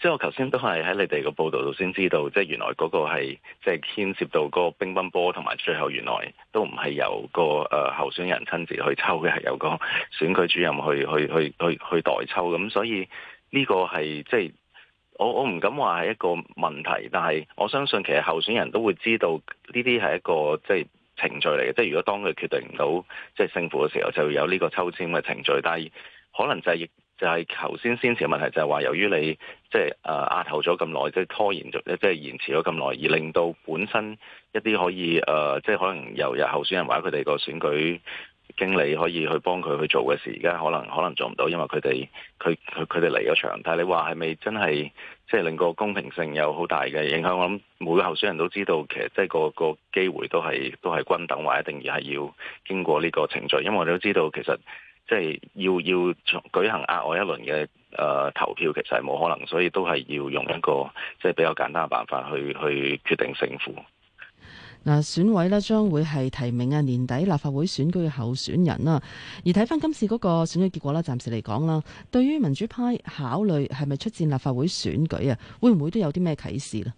即係我頭先都係喺你哋個報導度先知道，即係原來嗰個係即係牽涉到個乒乓波，同埋最後原來都唔係由個誒候選人親自去抽嘅，係由個選舉主任去去去去去代抽咁，所以呢個係即係。我我唔敢話係一個問題，但係我相信其實候選人都會知道呢啲係一個即係程序嚟嘅，即係如果當佢決定唔到即係勝負嘅時候，就會有呢個抽籤嘅程序。但係可能就係就係頭先先前嘅問題，就係話由於你即係誒押後咗咁耐，即係拖延咗，即係延遲咗咁耐，而令到本身一啲可以誒，即係可能由日候選人話佢哋個選舉。經理可以去幫佢去做嘅事，而家可能可能做唔到，因為佢哋佢佢哋嚟咗場，但係你話係咪真係即係令個公平性有好大嘅影響？我諗每個候選人都知道，其實即係個個機會都係都係均等，或一定要係要經過呢個程序。因為我哋都知道，其實即係要要舉行額外一輪嘅誒、呃、投票，其實係冇可能，所以都係要用一個即係、就是、比較簡單嘅辦法去去決定勝負。
嗱，選委咧將會係提名啊年底立法會選舉嘅候選人啦。而睇翻今次嗰個選舉結果咧，暫時嚟講啦，對於民主派考慮係咪出戰立法會選舉啊，會唔會都有啲咩啟示咧？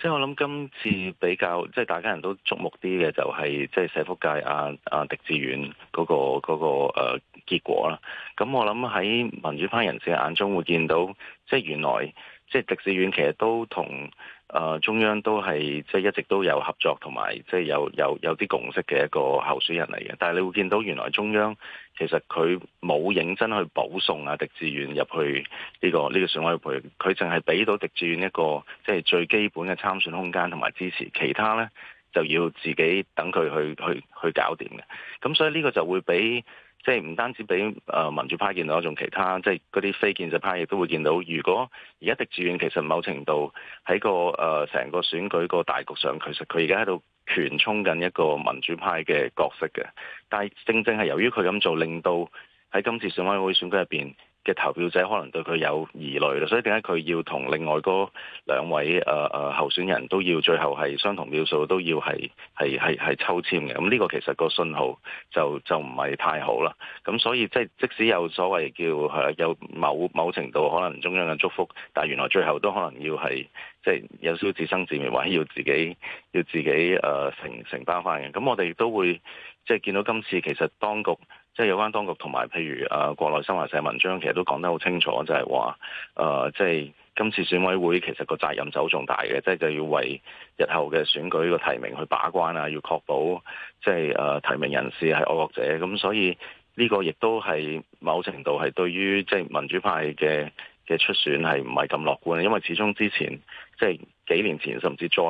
即係我諗今次比較即係大家人都矚目啲嘅、就係，就係即係社福界啊啊狄志遠嗰、嗰個嗰、嗰個、呃、結果啦。咁我諗喺民主派人士眼中會見到，即係原來即係狄志遠其實都同。誒、呃、中央都係即係一直都有合作同埋即係有有有啲共識嘅一個候選人嚟嘅，但係你會見到原來中央其實佢冇認真去保送啊，狄志遠入去呢、呢個呢、呢個選委會，佢淨係俾到狄志遠一個即係、即係、最基本嘅參選空間同埋支持，其他呢，就要自己等佢去去去搞掂嘅，咁所以呢個就會俾。即係唔單止俾誒民主派見到，仲其他即係嗰啲非建制派亦都會見到。如果而家狄志遠其實某程度喺個誒成、呃、個選舉個大局上，其實佢而家喺度權衝緊一個民主派嘅角色嘅。但係正正係由於佢咁做，令到喺今次選委會選舉入邊。嘅投票者可能對佢有疑慮，啦，所以點解佢要同另外嗰兩位誒誒、呃呃、候選人都要最後係相同票數都要係係係係抽籤嘅？咁呢個其實個信號就就唔係太好啦。咁所以即係即使有所謂叫誒、呃、有某某程度可能中央嘅祝福，但係原來最後都可能要係即係有少少自生自滅或者要自己要自己誒承承擔翻嘅。咁、呃、我哋都會即係見到今次其實當局。即係有關當局同埋，譬如誒、啊、國內《新華社》文章，其實都講得好清楚，就係話誒即係今次選委會其實個責任就好重大嘅，即係就要為日後嘅選舉個提名去把關啊，要確保即係誒、呃、提名人士係愛國者。咁所以呢個亦都係某程度係對於即係民主派嘅嘅出選係唔係咁樂觀，因為始終之前即係幾年前，甚至再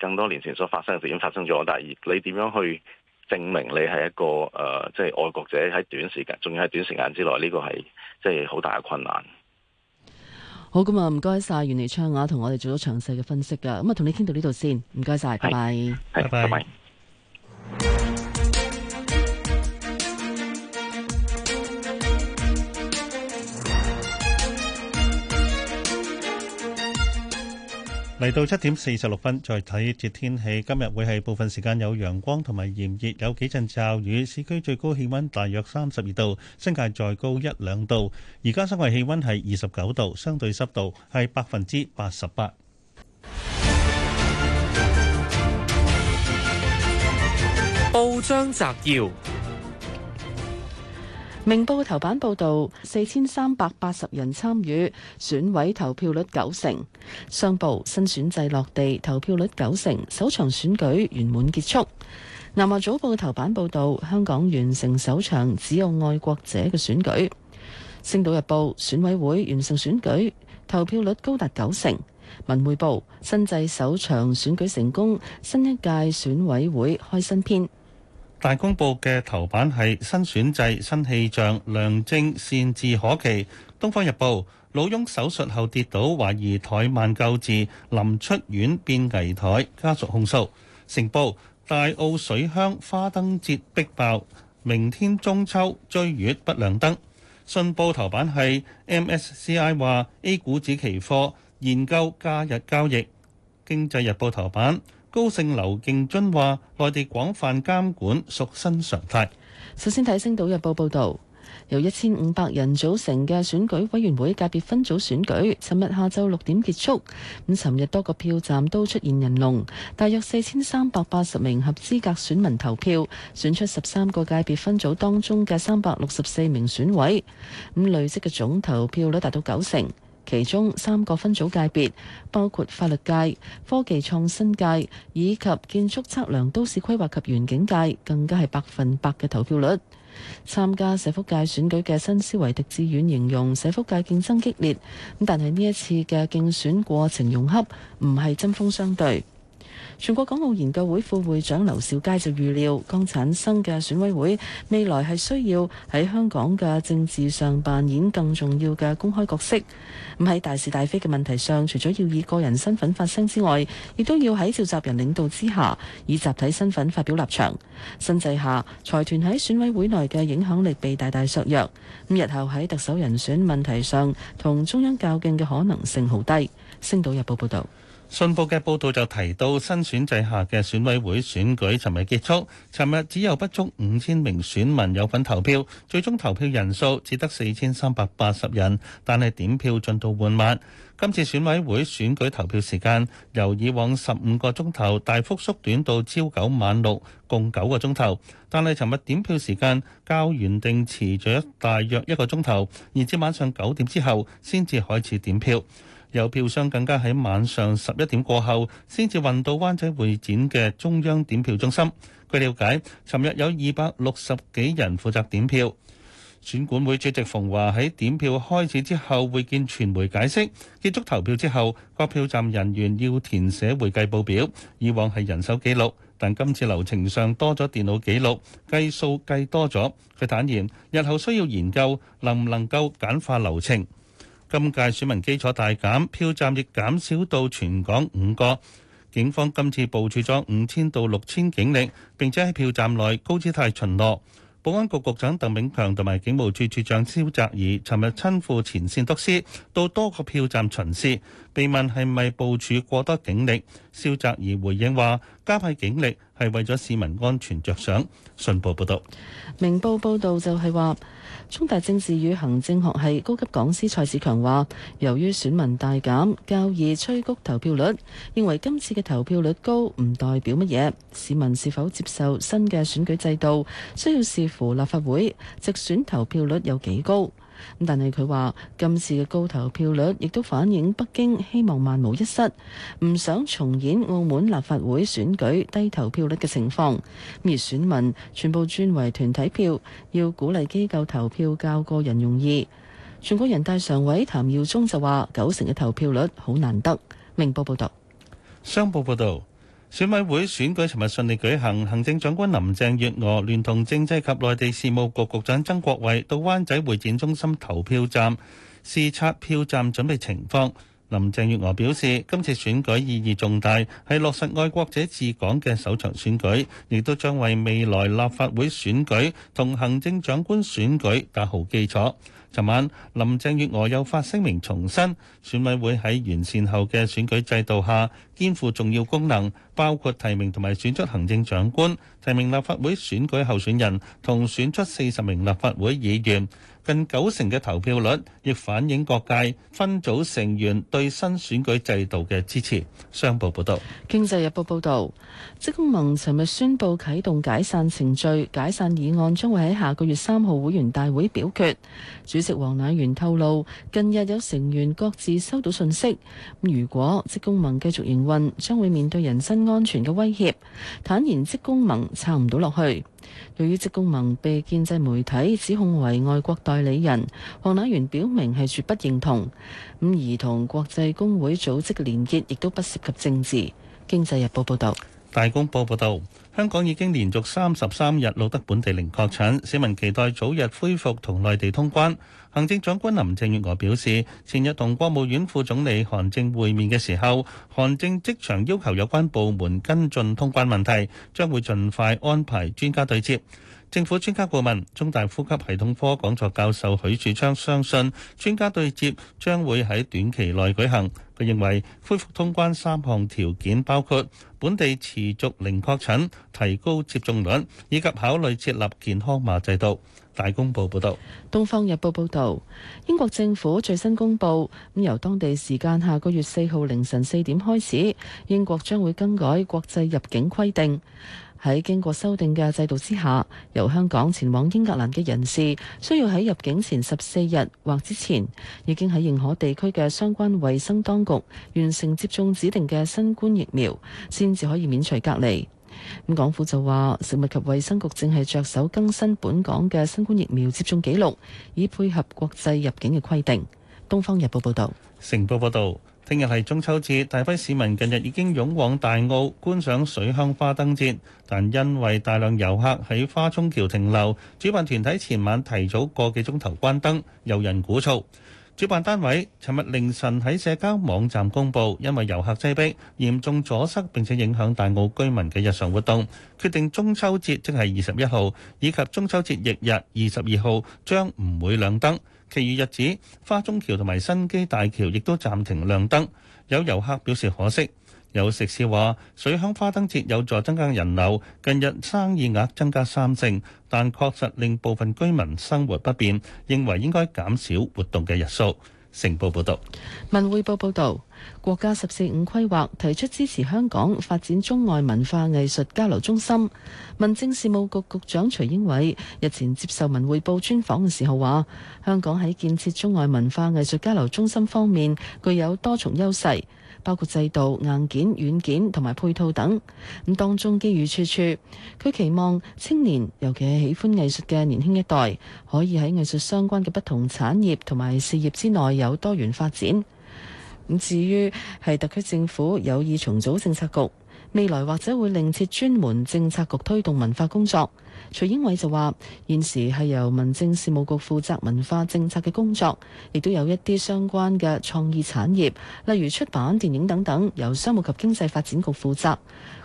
更多年前所發生嘅事已經發生咗。但係你點樣去？證明你係一個誒、呃，即係愛國者，喺短時間，仲要喺短時間之內，呢個係即係好大嘅困難。
好，咁啊，唔該晒袁妮昌啊，同我哋做咗詳細嘅分析噶。咁啊，同你傾到呢度先，唔該晒，係，拜拜，拜
拜。拜拜。
嚟到七點四十六分，再睇一節天氣。今日會係部分時間有陽光同埋炎熱，有幾陣驟雨。市區最高氣温大約三十二度，新界再高一兩度。而家室外氣温係二十九度，相對濕度係百分之八十八。
報章
摘要。
明報嘅頭版報導，四千三百八十人參與選委，投票率九成。商報，新選制落地，投票率九成，首場選舉圓滿結束。南華早報嘅頭版報導，香港完成首場只有愛國者嘅選舉。星島日報，選委會完成選舉，投票率高達九成。文匯報，新制首場選舉成功，新一屆選委會開新篇。
大公報嘅頭版係新選制新氣象，良政善治可期。《東方日報》老翁手術後跌倒，懷疑怠慢救治，臨出院變危殆，家屬控訴。《成報》大澳水鄉花燈節逼爆，明天中秋追月不亮燈。《信報》頭版係 MSCI 話 A 股指期貨研究假日交易。《經濟日報》頭版。高盛劉勁津話：內地廣泛監管屬新常態。
首先睇《星島日報》報道，由一千五百人組成嘅選舉委員會界別分組選舉，尋日下晝六點結束。咁尋日多個票站都出現人龍，大約四千三百八十名合資格選民投票，選出十三個界別分組當中嘅三百六十四名選委。咁累積嘅總投票率達到九成。其中三個分組界別包括法律界、科技創新界以及建築測量、都市規劃及園景界，更加係百分百嘅投票率。參加社福界選舉嘅新思維狄志遠形容社福界競爭激烈，但係呢一次嘅競選過程融洽，唔係針鋒相對。全國港澳研究會副會長劉兆佳就預料，剛產生嘅選委會未來係需要喺香港嘅政治上扮演更重要嘅公開角色。咁喺大是大非嘅問題上，除咗要以個人身份發聲之外，亦都要喺召集人領導之下，以集體身份發表立場。新制下，財團喺選委會內嘅影響力被大大削弱。咁日後喺特首人選問題上，同中央較勁嘅可能性好低。星島日報報導。
信報嘅報道就提到，新選制下嘅選委會選舉尋日結束。尋日只有不足五千名選民有份投票，最終投票人數只得四千三百八十人，但係點票進度緩慢。今次選委會選舉投票時間由以往十五個鐘頭大幅縮短到朝九晚六，共九個鐘頭。但係尋日點票時間較原定遲咗大約一個鐘頭，延至晚上九點之後先至開始點票。有票商更加喺晚上十一點過後先至運到灣仔會展嘅中央點票中心。據了解，尋日有二百六十幾人負責點票。選管會主席馮驊喺點票開始之後會見傳媒解釋，結束投票之後各票站人員要填寫會計報表。以往係人手記錄，但今次流程上多咗電腦記錄計數計多咗。佢坦言，日後需要研究能唔能夠簡化流程。今屆選民基礎大減，票站亦減少到全港五個。警方今次部署咗五千到六千警力，並且喺票站內高姿態巡邏。保安局局長鄧炳強同埋警務處處長蕭澤頤尋日親赴前線督師，到多個票站巡視。被問係咪部署過多警力，蕭澤頤回應話：加派警力係為咗市民安全着想。信報報道：
「明報報道就係話。中大政治與行政學系高級講師蔡志強話，由於選民大減，較易催谷投票率，認為今次嘅投票率高唔代表乜嘢，市民是否接受新嘅選舉制度，需要視乎立法會直選投票率有幾高。但係佢話今次嘅高投票率亦都反映北京希望萬無一失，唔想重演澳門立法會選舉低投票率嘅情況。而選民全部轉為團體票，要鼓勵機構投票較個人容易。全國人大常委譚耀宗就話：九成嘅投票率好難得。明報報導，
商報報導。選委會選舉尋日順利舉行，行政長官林鄭月娥聯同政制及內地事務局局長曾國衛到灣仔會展中心投票站視察票站準備情況。林鄭月娥表示，今次選舉意義重大，係落實愛國者治港嘅首場選舉，亦都將為未來立法會選舉同行政長官選舉打好基礎。尋晚，林鄭月娥又發聲明重申，選委會喺完善後嘅選舉制度下，肩負重要功能，包括提名同埋選出行政長官。提名立法會選舉候選人同選出四十名立法會議員，近九成嘅投票率亦反映各界分組成員對新選舉制度嘅支持。商報報道，
《經濟日報》報道，職工盟尋日宣布啟動解散程序，解散議案將會喺下個月三號會員大會表決。主席黃乃元透露，近日有成員各自收到信息，如果職工盟繼續營運，將會面對人身安全嘅威脅。坦言，職工盟。撐唔到落去。對於職工盟被建制媒體指控為外國代理人，黃乃元表明係絕不認同。咁而同國際工會組織嘅連結亦都不涉及政治。經濟日報報道：
「大公報報道，香港已經連續三十三日錄得本地零確診，市民期待早日恢復同內地通關。行政長官林鄭月娥表示，前日同國務院副總理韓正會面嘅時候，韓正即場要求有關部門跟進通關問題，將會盡快安排專家對接。政府專家顧問、中大呼吸系統科講座教授許樹昌相信，專家對接將會喺短期內舉行。佢認為，恢復通關三項條件包括本地持續零確診、提高接種率以及考慮設立健康碼制度。大公報報道，
《東方日報》報道，英國政府最新公布，咁由當地時間下個月四號凌晨四點開始，英國將會更改國際入境規定。喺經過修訂嘅制度之下，由香港前往英格蘭嘅人士，需要喺入境前十四日或之前，已經喺認可地區嘅相關衛生當局完成接種指定嘅新冠疫苗，先至可以免除隔離。咁港府就話，食物及衛生局正係着手更新本港嘅新冠疫苗接種記錄，以配合國際入境嘅規定。東方日報報道，
成報報道，聽日係中秋節，大批市民近日已經湧往大澳觀賞水鄉花燈節，但因為大量遊客喺花湧橋停留，主辦團體前晚提早個幾鐘頭關燈，有人鼓譟。主辦單位尋日凌晨喺社交網站公布，因為遊客擠逼，嚴重阻塞並且影響大澳居民嘅日常活動，決定中秋節即係二十一號以及中秋節翌日二十二號將唔會亮燈，其餘日子花中橋同埋新基大橋亦都暫停亮燈。有遊客表示可惜。有食肆話，水鄉花燈節有助增加人流，近日生意額增加三成，但確實令部分居民生活不便，認為應該減少活動嘅日數。成報報道。
文匯報報道，國家十四五規劃提出支持香港發展中外文化藝術交流中心。民政事務局局長徐英偉日前接受文匯報專訪嘅時候話，香港喺建設中外文化藝術交流中心方面具有多重優勢。包括制度、硬件、軟件同埋配套等，咁當中機遇處處。佢期望青年，尤其係喜歡藝術嘅年輕一代，可以喺藝術相關嘅不同產業同埋事業之內有多元發展。咁至於係特區政府有意重組政策局，未來或者會另設專門政策局推動文化工作。徐英偉就話：現時係由民政事務局負責文化政策嘅工作，亦都有一啲相關嘅創意產業，例如出版、電影等等，由商務及經濟發展局負責。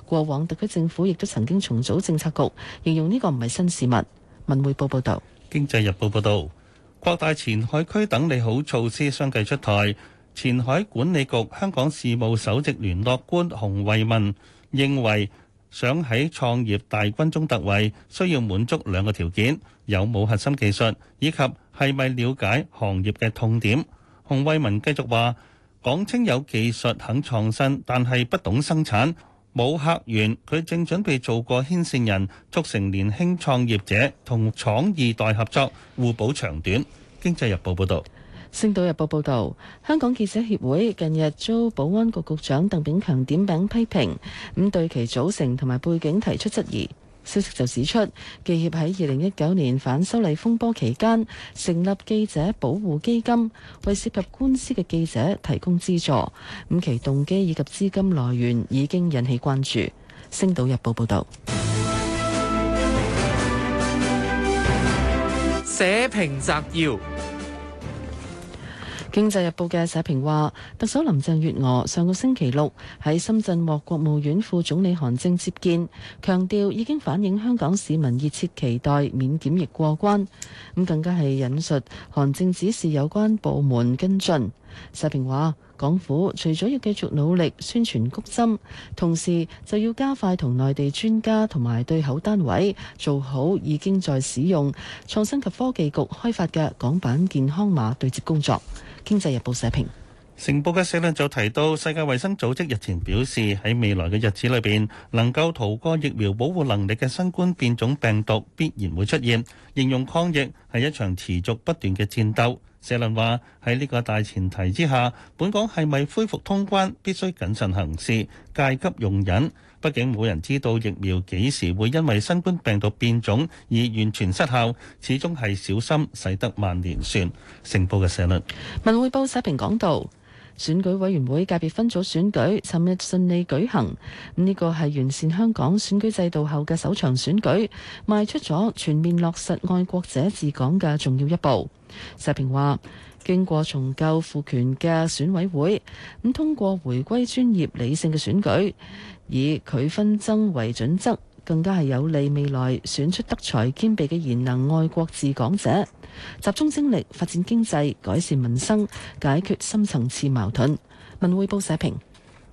過往特區政府亦都曾經重組政策局，形容呢個唔係新事物。文匯報報道：
《經濟日報》報道，擴大前海區等利好措施相繼出台。前海管理局香港事務首席聯絡官洪為民認為。想喺創業大軍中突圍，需要滿足兩個條件：有冇核心技術，以及係咪了解行業嘅痛點。洪惠文繼續話：講清有技術肯創新，但係不懂生產，冇客源。佢正準備做過牽線人，促成年輕創業者同廠二代合作，互補長短。經濟日報報導。
星島日報報道，香港記者協會近日遭保安局局長鄧炳強點名批評，咁對其組成同埋背景提出質疑。消息就指出，記協喺二零一九年反修例風波期間成立記者保護基金，為涉及官司嘅記者提供資助，咁其動機以及資金來源已經引起關注。星島日報報道。
社評摘要。
《經濟日報》嘅社評話，特首林鄭月娥上個星期六喺深圳獲國務院副總理韓正接見，強調已經反映香港市民熱切期待免檢疫過關。咁更加係引述韓正指示有關部門跟進。社評話，港府除咗要繼續努力宣傳谷針，同時就要加快同內地專家同埋對口單位做好已經在使用創新及科技局開發嘅港版健康碼對接工作。《經濟日報》社評。
成報嘅社論就提到，世界衞生組織日前表示，喺未來嘅日子裏邊，能夠逃過疫苗保護能力嘅新冠變種病毒必然會出現，形容抗疫係一場持續不斷嘅戰鬥。社論話：喺呢個大前提之下，本港係咪恢復通關，必須謹慎行事，戒急用忍。畢竟冇人知道疫苗幾時會因為新冠病毒變種而完全失效，始終係小心使得萬年船。成報嘅社論，
《文匯報》社評講道。選舉委員會界別分組選舉尋日順利舉行，呢個係完善香港選舉制度後嘅首場選舉，邁出咗全面落實愛國者治港嘅重要一步。石評話：經過重構賦權嘅選委會，咁通過回歸專業理性嘅選舉，以拒紛爭為準則，更加係有利未來選出德才兼備嘅賢能愛國治港者。集中精力發展經濟，改善民生、解決深層次矛盾。文匯報社評，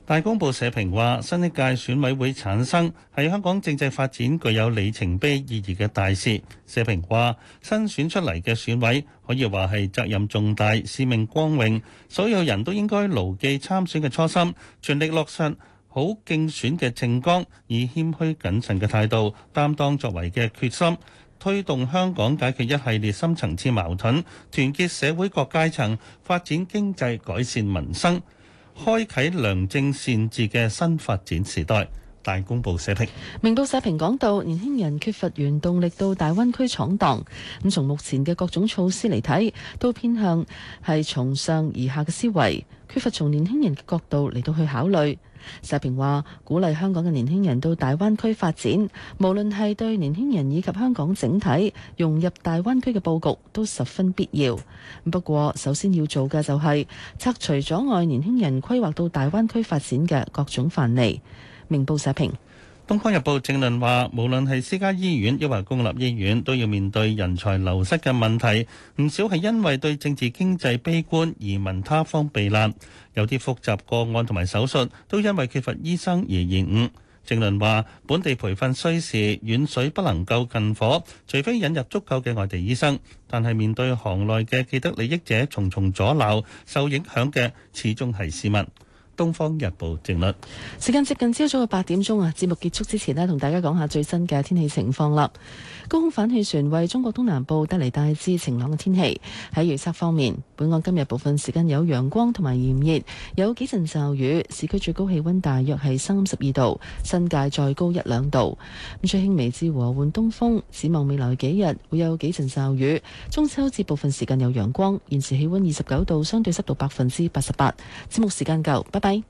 大公報社評話：新一屆選委會產生係香港政制發展具有里程碑意義嘅大事。社評話：新選出嚟嘅選委可以話係責任重大、使命光榮，所有人都應該牢記參選嘅初心，全力落實好競選嘅政綱，以謙虛謹慎嘅態度擔當作為嘅決心。推動香港解決一系列深層次矛盾，團結社會各階層，發展經濟，改善民生，開啟良政善治嘅新發展時代。大公報社評，
明報社評講到，年輕人缺乏原動力到大灣區闖蕩，咁從目前嘅各種措施嚟睇，都偏向係從上而下嘅思維，缺乏從年輕人嘅角度嚟到去考慮。社評話，鼓勵香港嘅年輕人到大灣區發展，無論係對年輕人以及香港整體融入大灣區嘅布局都十分必要。不過，首先要做嘅就係、是、拆除阻礙年輕人規劃到大灣區發展嘅各種藩籬。明報社評。
《東方日報》正論話，無論係私家醫院抑或公立醫院，都要面對人才流失嘅問題。唔少係因為對政治經濟悲觀而移民他方避難，有啲複雜個案同埋手術都因為缺乏醫生而延誤。正論話，本地培訓需時遠水不能夠近火，除非引入足夠嘅外地醫生，但係面對行內嘅既得利益者重重阻撓，受影響嘅始終係市民。《東方日報正論》鄭律，時間接
近朝早嘅八點鐘啊，節目結束之前呢同大家講下最新嘅天氣情況啦。高空反氣旋為中國東南部帶嚟大致晴朗嘅天氣。喺預測方面，本港今日部分時間有陽光同埋炎熱，有幾陣驟雨。市區最高氣溫大約係三十二度，新界再高一兩度。咁吹輕微至和緩東風，展望未來幾日會有幾陣驟雨。中秋至部分時間有陽光，現時氣溫二十九度，
相對濕度百分之八十八。節目時間夠，拜拜。